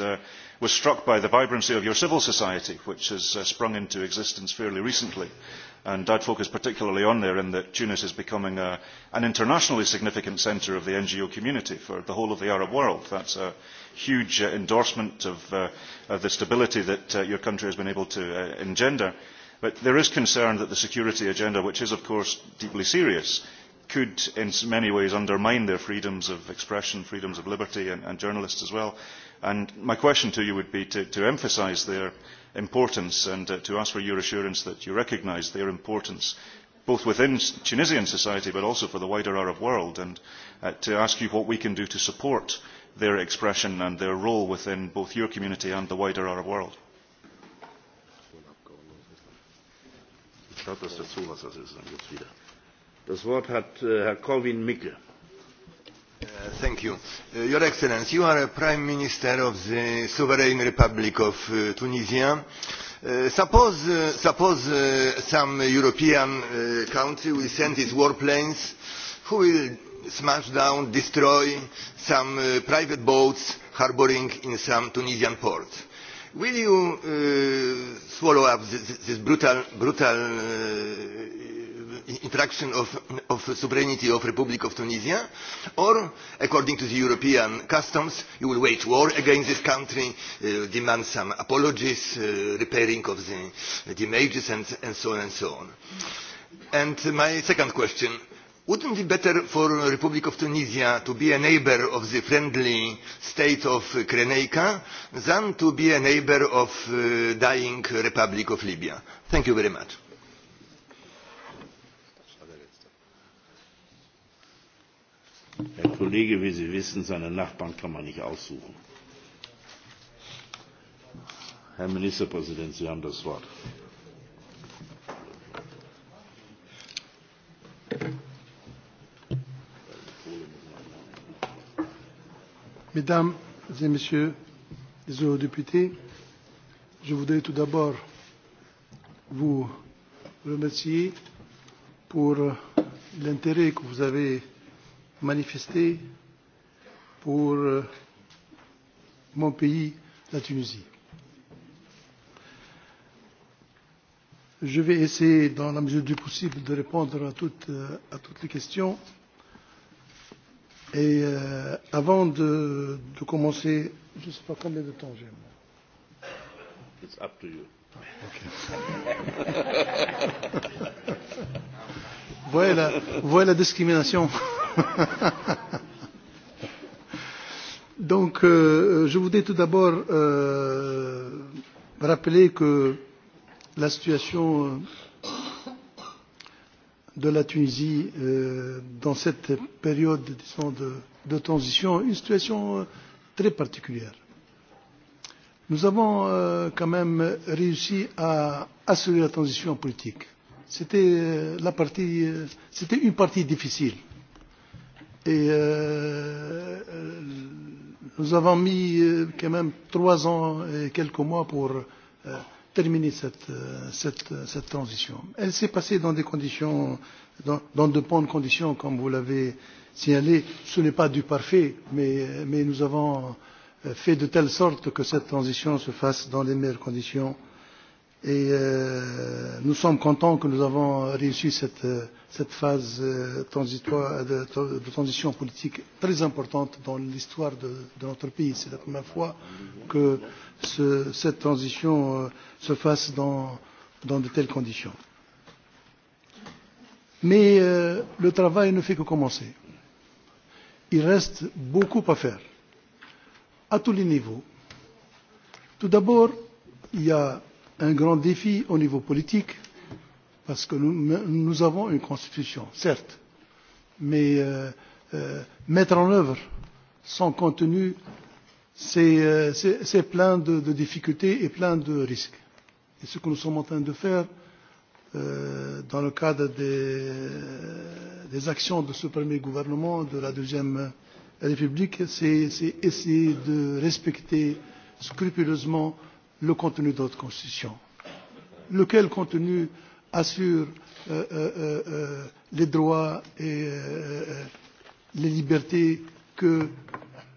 was struck by the vibrancy of your civil society which has sprung into existence fairly recently and would focus particularly on there in that Tunis is becoming an internationally significant centre of the NGO community for the whole of the Arab world. That is a huge uh, endorsement uh, of, the stability that uh, your country has been able to engender. But there is concern that the security agenda, which is of course deeply serious, could in many ways undermine their freedoms of expression, freedoms of liberty and, journalists as well. And my question to you would be to, to emphasise there importance and uh, to ask for your assurance that you recognise their importance both within Tunisian society but also for the wider Arab world and uh, to ask you what we can do to support their expression and their role within both your community and the wider Arab world. Das Wort hat äh, Herr Corwin Mikke. Uh, thank you. Uh, Your Excellency, you are a Prime Minister of the Sovereign Republic of uh, Tunisia. suppose, some European country will send its warplanes who will smash down, destroy some private boats harbouring in some Tunisian port. Will you swallow up this, this brutal, brutal interaction of, of sovereignty of Republic of Tunisia, or, according to the European customs, you will wage war against this country, uh, demand some apologies, uh, repairing of the, damages, uh, and, and so on and so on. And my second question, wouldn't it be better for the Republic of Tunisia to be a neighbour of the friendly state of Kreneika than to be a neighbor of the uh, dying Republic of Libya? Thank you very much. Herr Kollege, wie Sie wissen, seine Nachbarn kann man nicht aussuchen. Herr Ministerpräsident, Sie haben das Wort. Mesdames et Messieurs les eurodéputés, je voudrais tout d'abord vous remercier pour l'intérêt que vous avez manifester pour euh, mon pays, la Tunisie. Je vais essayer, dans la mesure du possible, de répondre à toutes, euh, à toutes les questions. Et euh, avant de, de commencer, je ne sais pas combien de temps j'ai. It's up to you. Okay. voilà, voilà discrimination. Donc, euh, je voudrais tout d'abord euh, rappeler que la situation euh, de la Tunisie dans cette période de, de transition est une situation très particulière. Nous avons quand même réussi à assurer la transition politique. C'était une partie difficile Et euh, nous avons mis euh, quand même trois ans et quelques mois pour euh, terminer cette, euh, cette, cette transition. Elle s'est passée dans des conditions, dans, dans de bonnes conditions, comme vous l'avez signalé. Ce n'est pas du parfait, mais, mais nous avons euh, fait de telle sorte que cette transition se fasse dans les meilleures conditions et euh, nous sommes contents que nous avons réussi cette, euh, cette phase euh, transitoire, de, de transition politique très importante dans l'histoire de, de notre pays. C'est la première fois que ce, cette transition euh, se fasse dans, dans de telles conditions. Mais euh, le travail ne fait que commencer. Il reste beaucoup à faire, à tous les niveaux. Tout d'abord, il y a un grand défi au niveau politique parce que nous, avons une constitution certes mais euh, euh, mettre en œuvre son contenu c'est euh, plein de, difficultés et plein de risques. et ce que nous sommes en train de faire dans le cadre des, des actions de ce premier gouvernement de la deuxième république c'est essayer de respecter scrupuleusement le contenu de notre constitution lequel contenu assure euh, euh, euh, les droits et les libertés que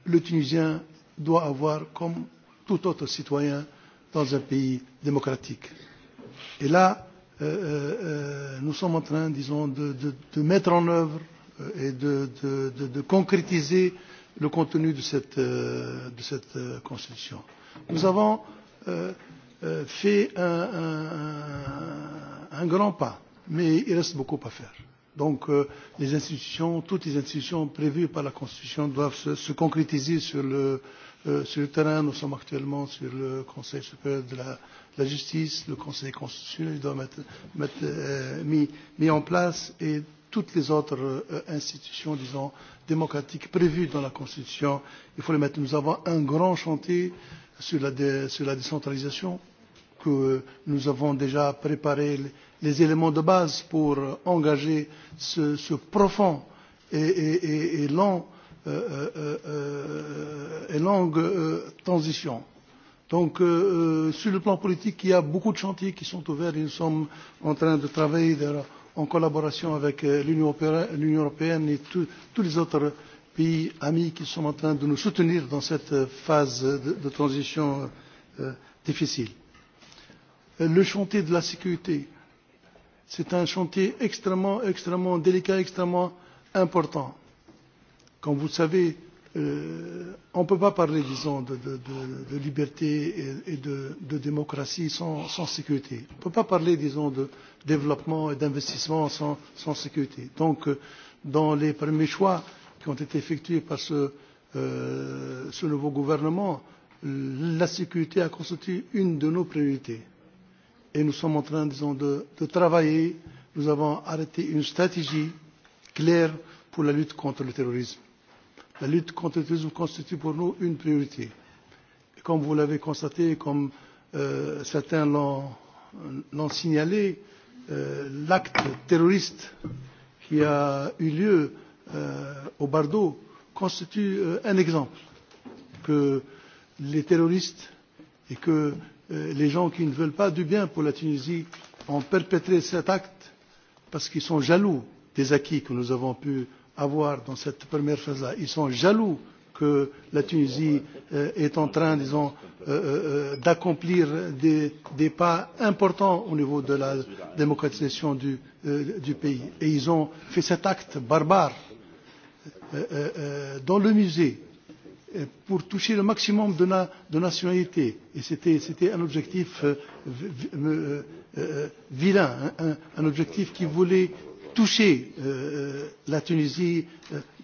le tunisien doit avoir comme tout autre citoyen dans un pays démocratique. et là nous sommes en train disons de, de, mettre en œuvre et de, de concrétiser le contenu de cette, cette constitution. nous avons Euh, euh, fait un, un, un grand pas mais il reste beaucoup à faire. donc euh, les institutions toutes les institutions prévues par la constitution doivent se, se concrétiser sur le, sur le terrain. nous sommes actuellement sur le conseil supérieur de la, de la justice le conseil constitutionnel doit être euh, mis, mis en place et toutes les autres institutions disons démocratiques prévues dans la constitution il faut les mettre. nous avons un grand chantier sur la, décentralisation que nous avons déjà préparé les éléments de base pour engager ce, ce profond et, et, et, long, euh, euh, euh longue euh, transition. Donc, euh, sur le plan politique, il y a beaucoup de chantiers qui sont ouverts et nous sommes en train de travailler en collaboration avec l'Union européenne et tous les autres pays amis qui sont en train de nous soutenir dans cette phase de, transition euh, difficile. Euh, le chantier de la sécurité, c'est un chantier extrêmement, extrêmement délicat, extrêmement important. Comme vous le savez, euh, on ne peut pas parler, disons, de, de, de, de liberté et, de, de démocratie sans, sans sécurité. On ne peut pas parler, disons, de développement et d'investissement sans, sans sécurité. Donc, dans les premiers choix, qui ont été effectuées par ce, euh, ce nouveau gouvernement, la sécurité a constitué une de nos priorités. Et nous sommes en train, disons, de, travailler. Nous avons arrêté une stratégie claire pour la lutte contre le terrorisme. La lutte contre le terrorisme constitue pour nous une priorité. Et comme vous l'avez constaté, comme euh, certains l'ont signalé, euh, l'acte terroriste qui a eu lieu Euh, au Bardo constitue euh, un exemple que les terroristes et que euh, les gens qui ne veulent pas du bien pour la Tunisie ont perpétré cet acte parce qu'ils sont jaloux des acquis que nous avons pu avoir dans cette première phase là. Ils sont jaloux que la Tunisie est en train, disons, d'accomplir des, pas importants au niveau de la démocratisation du pays. Et ils ont fait cet acte barbare Euh, euh, euh, dans le musée pour toucher le maximum de, de nationalités. Et c'était un objectif vilain, un, objectif qui voulait toucher la Tunisie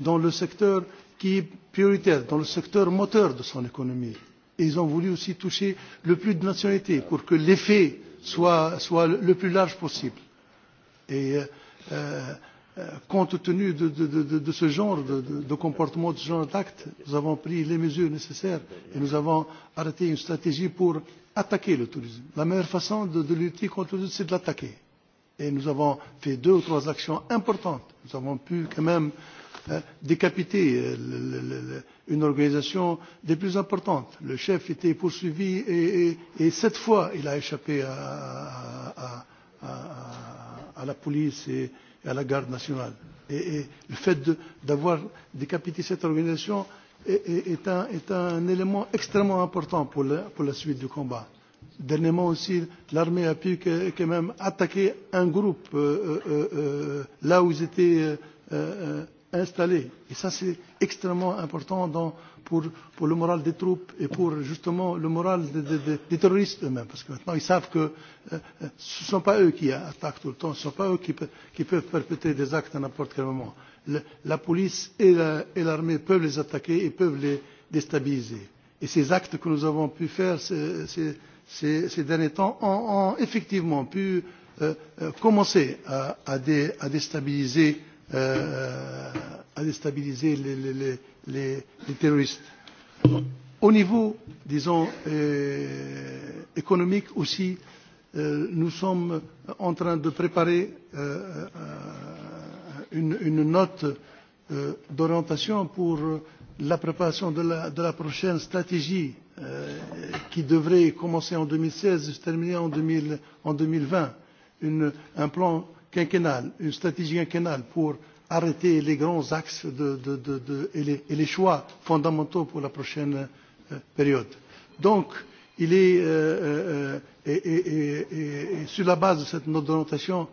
dans le secteur qui est prioritaire, dans le secteur moteur de son économie. Et ils ont voulu aussi toucher le plus de nationalités pour que l'effet soit, soit le plus large possible. Et Euh, compte tenu de, ce genre de comportement de ce genre d'acte, nous avons pris les mesures nécessaires et nous avons arrêté une stratégie pour attaquer le tourisme. la meilleure façon de lutter contre le tourisme c'est de l'attaquer et nous avons fait deux ou trois actions importantes. nous avons pu quand même euh, décapiter euh, une organisation des plus importantes. le chef était poursuivi et, cette fois il a échappé à, à la police et et à la garde nationale. Et, et le fait d'avoir décapité cette organisation est, est, est, un, est un élément extrêmement important pour, le, pour la suite du combat. Dernièrement aussi, l'armée a pu que, quand même attaquer un groupe euh, euh, euh, là où ils étaient euh, euh, installés. Et ça, c'est extrêmement important dans, pour, pour le moral des troupes et pour justement le moral des, des, des terroristes eux-mêmes. Parce que maintenant, ils savent que euh, euh ce ne sont pas eux qui attaquent tout le temps, ce ne sont pas eux qui, qui peuvent perpétrer des actes à n'importe quel moment. Le, la police et l'armée peuvent les attaquer et peuvent les déstabiliser. Et ces actes que nous avons pu faire ces, ces, ces derniers temps ont, ont effectivement pu euh, euh commencer à, à, dé, à déstabiliser Euh, à déstabiliser les, les, les, les terroristes. Au niveau, disons, euh, économique aussi, euh, nous sommes en train de préparer une, une note d'orientation pour la préparation de la, de la prochaine stratégie qui devrait commencer en 2016 et se terminer en, 2000, en 2020. Une, un plan quinquennal, une stratégie quinquennale pour arrêter les grands axes de, de, de, et, les, choix fondamentaux pour la prochaine euh, période. Donc, il est euh, euh, et, et, et, sur la base de cette note d'orientation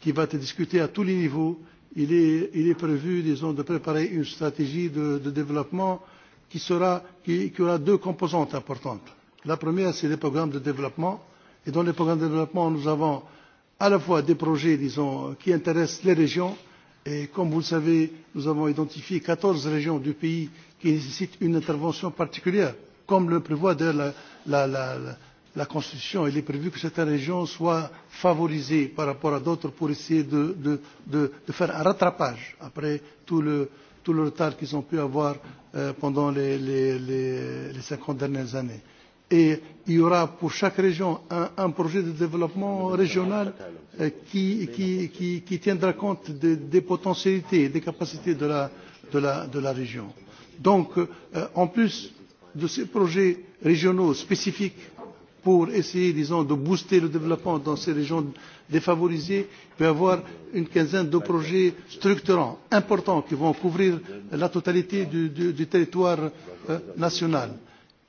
qui va être discutée à tous les niveaux, il est, il est prévu, disons, de préparer une stratégie de, développement qui, sera, qui aura deux composantes importantes. La première, c'est les programmes de développement. Et dans les programmes de développement, nous avons à la fois des projets disons, qui intéressent les régions et comme vous le savez nous avons identifié quatorze régions du pays qui nécessitent une intervention particulière comme le prévoit d'ailleurs la, la, la, la constitution. il est prévu que certaines régions soient favorisées par rapport à d'autres pour essayer de, de, de, de faire un rattrapage après tout le, tout le retard qu'ils ont pu avoir euh, pendant les cinquante les, les, les dernières années et il y aura pour chaque région un, un projet de développement régional euh, qui, qui, qui, qui tiendra compte des, des potentialités et des capacités de la, de la, de la région. Donc, euh, en plus de ces projets régionaux spécifiques pour essayer, disons, de booster le développement dans ces régions défavorisées, il peut y avoir une quinzaine de projets structurants, importants, qui vont couvrir la totalité du, du, du territoire euh, national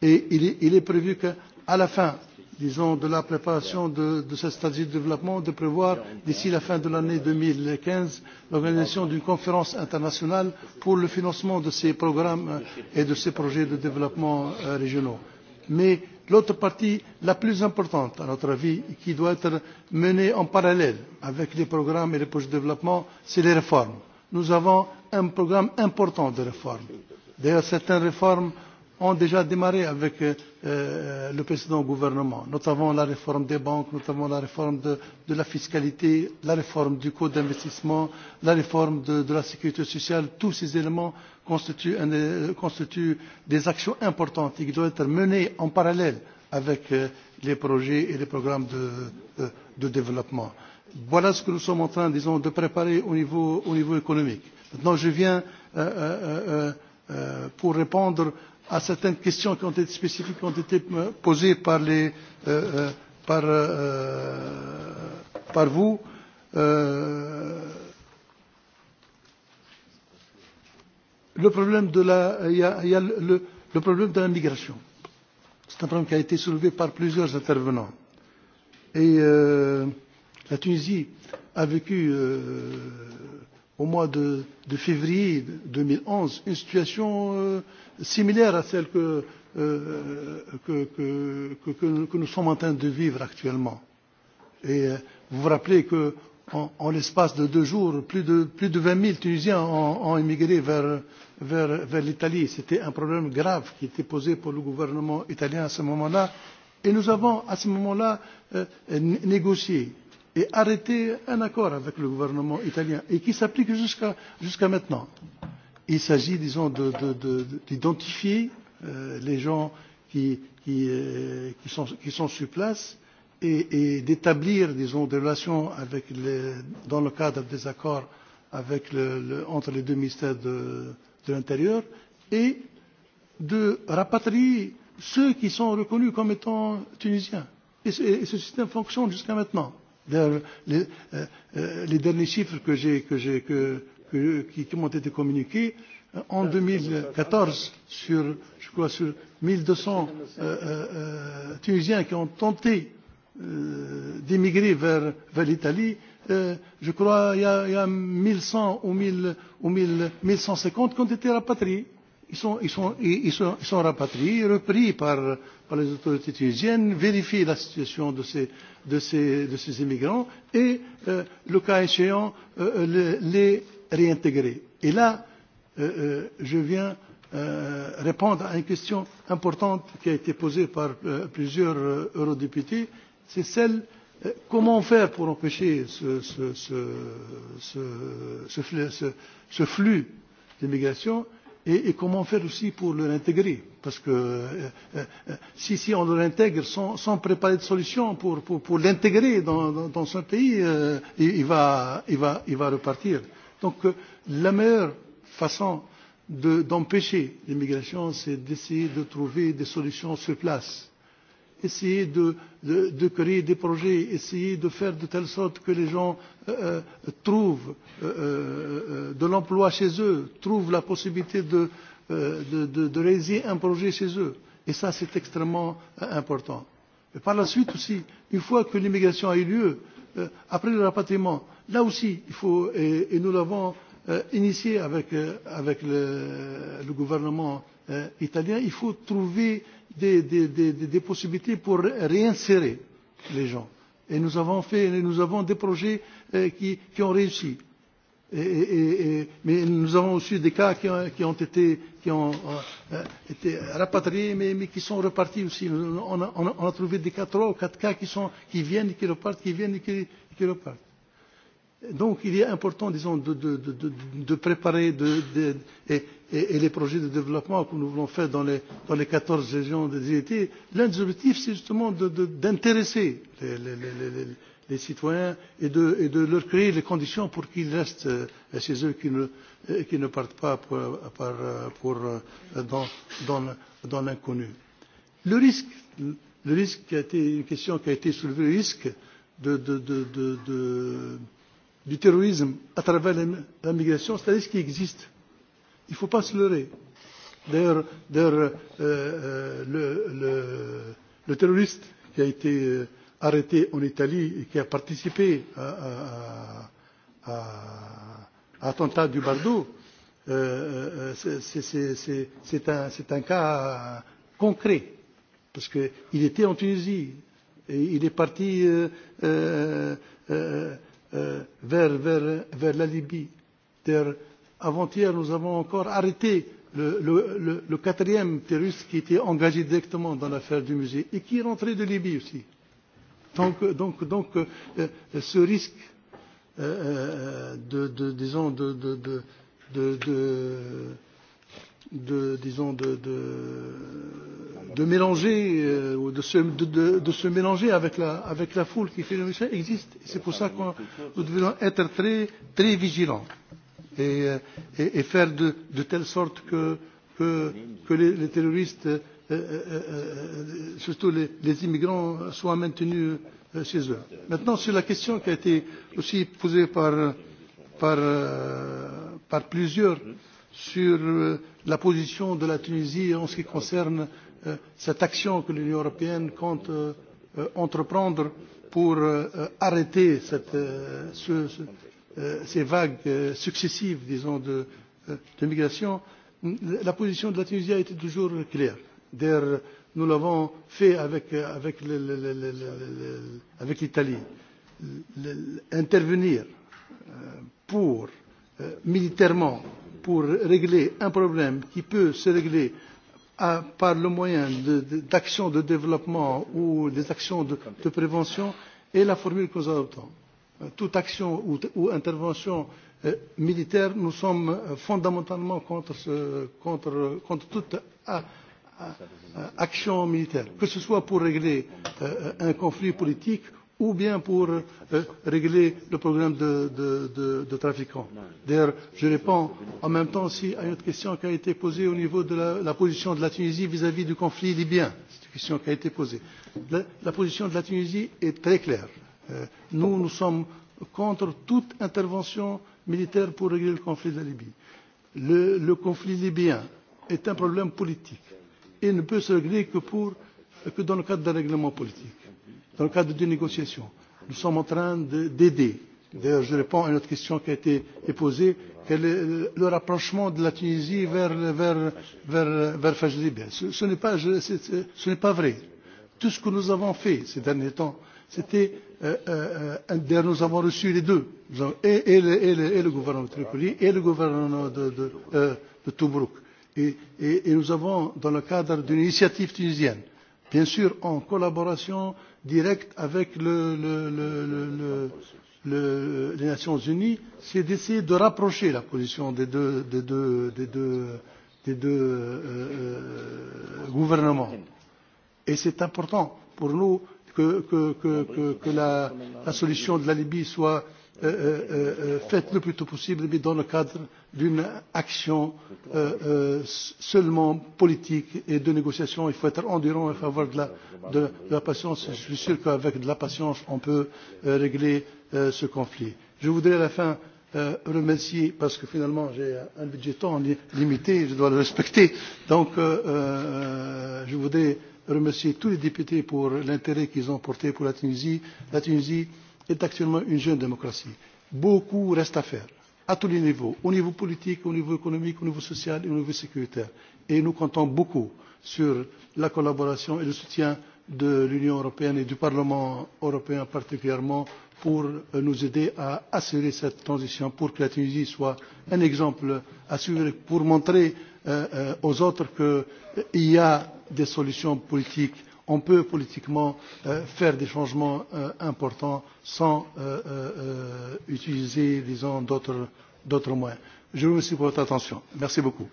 et il est, prévu qu'à la fin disons de la préparation de, cette stratégie de développement de prévoir d'ici la fin de l'année deux mille quinze l'organisation d'une conférence internationale pour le financement de ces programmes et de ces projets de développement euh, régionaux. mais l'autre partie la plus importante à notre avis qui doit être menée en parallèle avec les programmes et les projets de développement c'est les réformes. nous avons un programme important de réformes. d'ailleurs certaines réformes ont déjà démarré avec euh, euh, le précédent gouvernement notamment la réforme des banques notamment la réforme de, la fiscalité la réforme du code d'investissement la réforme de, la sécurité sociale tous ces éléments constituent, un, euh, constituent des actions importantes et qui doivent être menées en parallèle avec euh, les projets et les programmes de, développement. voilà ce que nous sommes en train disons de préparer au niveau, au niveau économique. maintenant je viens pour répondre à certaines questions qui ont été spécifiques qui ont été euh, posées par, les, euh, euh, par, par vous le problème de la y a, le, le problème de la migration c'est un problème qui a été soulevé par plusieurs intervenants et la Tunisie a vécu au mois de, de février 2011 une situation euh, similaire à celle euh, que, que, que, que, nous sommes en train de vivre actuellement. Et euh, vous vous rappelez que en, l'espace de deux jours, plus de, plus de 20 Tunisiens ont, émigré vers, vers, vers l'Italie. C'était un problème grave qui était posé pour le gouvernement italien à ce moment-là. Et nous avons à ce moment-là négocié et arrêter un accord avec le gouvernement italien et qui s'applique jusqu'à jusqu maintenant. Il s'agit, disons, d'identifier euh, les gens qui, qui, euh, qui, sont, qui sont sur place et, et d'établir, disons, des relations avec les, dans le cadre des accords avec le, le, entre les deux ministères de, de l'Intérieur et de rapatrier ceux qui sont reconnus comme étant tunisiens. Et, et ce système fonctionne jusqu'à maintenant les, euh, euh, les derniers chiffres que j'ai, que j'ai, que, que, qui, qui m'ont été communiqués, euh, en 2014, sur, je crois, sur 1200 euh, euh, euh, Tunisiens qui ont tenté euh, d'émigrer vers, vers l'Italie, euh, je crois il y a, y a 1100 ou, 1000, ou 1000, 1150 qui ont été rapatriés ils sont, ils sont, ils sont, ils sont rapatriés, repris par, par les autorités tunisiennes, vérifient la situation de ces, de ces, de ces immigrants et, euh, le cas échéant, euh, euh les réintégrer. Et là, euh, euh je viens euh, répondre à une question importante qui a été posée par plusieurs eurodéputés, c'est celle comment faire pour empêcher ce, ce, ce, ce, ce, ce, ce flux d'immigration et, et comment faire aussi pour l'intégrer parce que euh, euh, euh, si, si on l'intègre sans, sans préparer de solution pour, pour, pour l'intégrer dans, dans, dans pays, il, va, il, va, il va repartir. Donc la meilleure façon d'empêcher l'immigration, c'est d'essayer de trouver des solutions sur place essayer de, de, de créer des projets, essayer de faire de telle sorte que les gens euh, euh trouvent euh, euh, euh, de l'emploi chez eux, trouvent la possibilité de, de, de, de réaliser un projet chez eux. Et ça, c'est extrêmement important. Et par la suite aussi, une fois que l'immigration a eu lieu, euh, après le rapatriement, là aussi, il faut, et, et nous l'avons initié avec, avec le, le gouvernement euh, italien, il faut trouver des, des, des, des possibilités pour réinsérer les gens. Et nous avons fait, nous avons des projets euh, qui, qui ont réussi. Et, et, et, mais nous avons aussi des cas qui ont, qui ont été, qui ont, euh, euh été rapatriés, mais, mais qui sont repartis aussi. On a, on, a, on a trouvé des cas, trois ou quatre cas qui, sont, qui viennent et qui repartent, qui viennent et qui, qui repartent donc il est important disons de, de, de, de préparer et, et les projets de développement que nous voulons faire dans les quatorze dans les régions des it l'un des objectifs c'est justement d'intéresser les, les, les, les citoyens et de, et de leur créer les conditions pour qu'ils restent euh, chez eux qu'ils ne, euh, ne partent pas pour, euh, pour, dans, dans, dans l'inconnu. le risque le risque qui a été une question qui a été soulevée le risque de, de, de du terrorisme à travers la migration, c'est-à-dire ce qui existe. Il ne faut pas se leurrer. D'ailleurs, euh, euh, le, le, le terroriste qui a été euh, arrêté en Italie et qui a participé à, à, à, à l'attentat du Bardo, euh, euh c'est un, un cas concret, parce qu'il était en Tunisie et il est parti euh, euh, Euh, vers, vers, vers la Libye. Avant-hier, nous avons encore arrêté le, le, le, le quatrième terroriste qui était engagé directement dans l'affaire du musée et qui est rentré de Libye aussi. Donc, donc, donc euh, euh ce risque euh, euh, de, de, disons, de, de, de, de, de, de disons, de, de de mélanger euh, ou de se, de, de, de se mélanger avec la, avec la foule qui fait le Michel existe. C'est pour ça que nous devons être très, très vigilants et, euh, et, et faire de, de telle sorte que, que, que les, les terroristes, euh, euh, euh surtout les, les immigrants, soient maintenus chez eux. Maintenant, sur la question qui a été aussi posée par, par, par plusieurs sur la position de la Tunisie en ce qui concerne Euh, cette action que l'union européenne compte euh, euh, entreprendre pour arrêter cette, ces vagues successives disons de, de migration la position de la tunisie a été toujours claire. d'ailleurs nous l'avons fait avec, avec l'italie intervenir pour militairement pour régler un problème qui peut se régler par le moyen d'actions de, de développement ou des actions de, prévention est la formule que nous adoptons. Euh, toute action ou, intervention euh, militaire, nous sommes euh, fondamentalement contre, ce, contre, contre toute action militaire, que ce soit pour régler un conflit politique ou bien pour euh, régler le problème de, de, de, de trafiquants. D'ailleurs, je réponds en même temps aussi à une autre question qui a été posée au niveau de la, la position de la Tunisie vis-à-vis du conflit libyen. C'est une question qui a été posée. La, la position de la Tunisie est très claire. Euh, nous, nous sommes contre toute intervention militaire pour régler le conflit de la Libye. Le, le conflit libyen est un problème politique et ne peut se régler que, pour, que dans le cadre d'un règlement politique dans le cadre des négociations. Nous sommes en train d'aider. D'ailleurs, je réponds à une autre question qui a été posée. Quel est le rapprochement de la Tunisie vers, vers, vers, vers Ce, ce n'est pas, pas, vrai. Tout ce que nous avons fait ces derniers temps, c'était... Euh, euh, euh nous avons reçu les deux, et, et, le, et, le, et le gouvernement de Tripoli et le gouvernement de, de, euh, de Tobruk. Et, et, et nous avons, dans le cadre d'une initiative tunisienne, bien sûr en collaboration directe avec le, le, le, le les nations unies c'est d'essayer de rapprocher la position des deux, des deux, des deux, des deux euh, euh gouvernements et c'est important pour nous que, que, que, que la, la solution de la libye soit Euh, euh, euh, faites le plus tôt possible mais dans le cadre d'une action seulement politique et de négociation. il faut être endurant il avoir de la, patience et je suis sûr qu'avec de la patience on peut régler ce conflit. je voudrais à la fin remercier parce que finalement j'ai un budget temps limité je dois le respecter donc je voudrais remercier tous les députés pour l'intérêt qu'ils ont porté pour la tunisie. la tunisie est actuellement une jeune démocratie. Beaucoup reste à faire, à tous les niveaux, au niveau politique, au niveau économique, au niveau social et au niveau sécuritaire. Et nous comptons beaucoup sur la collaboration et le soutien de l'Union européenne et du Parlement européen particulièrement pour euh, nous aider à assurer cette transition, pour que la Tunisie soit un exemple à suivre, pour montrer euh, euh, aux autres qu'il y a des solutions politiques on peut politiquement euh, faire des changements euh, importants sans euh, utiliser, disons, d'autres moyens. Je vous remercie pour votre attention. Merci beaucoup.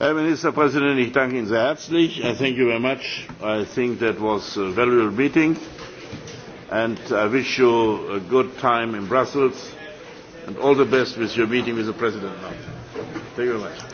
Herr Ministerpräsident, ich danke Ihnen sehr herzlich. I thank you very much. I think that was a valuable meeting and I wish you a good time in Brussels and all the best with your meeting with the President now. Thank you very much.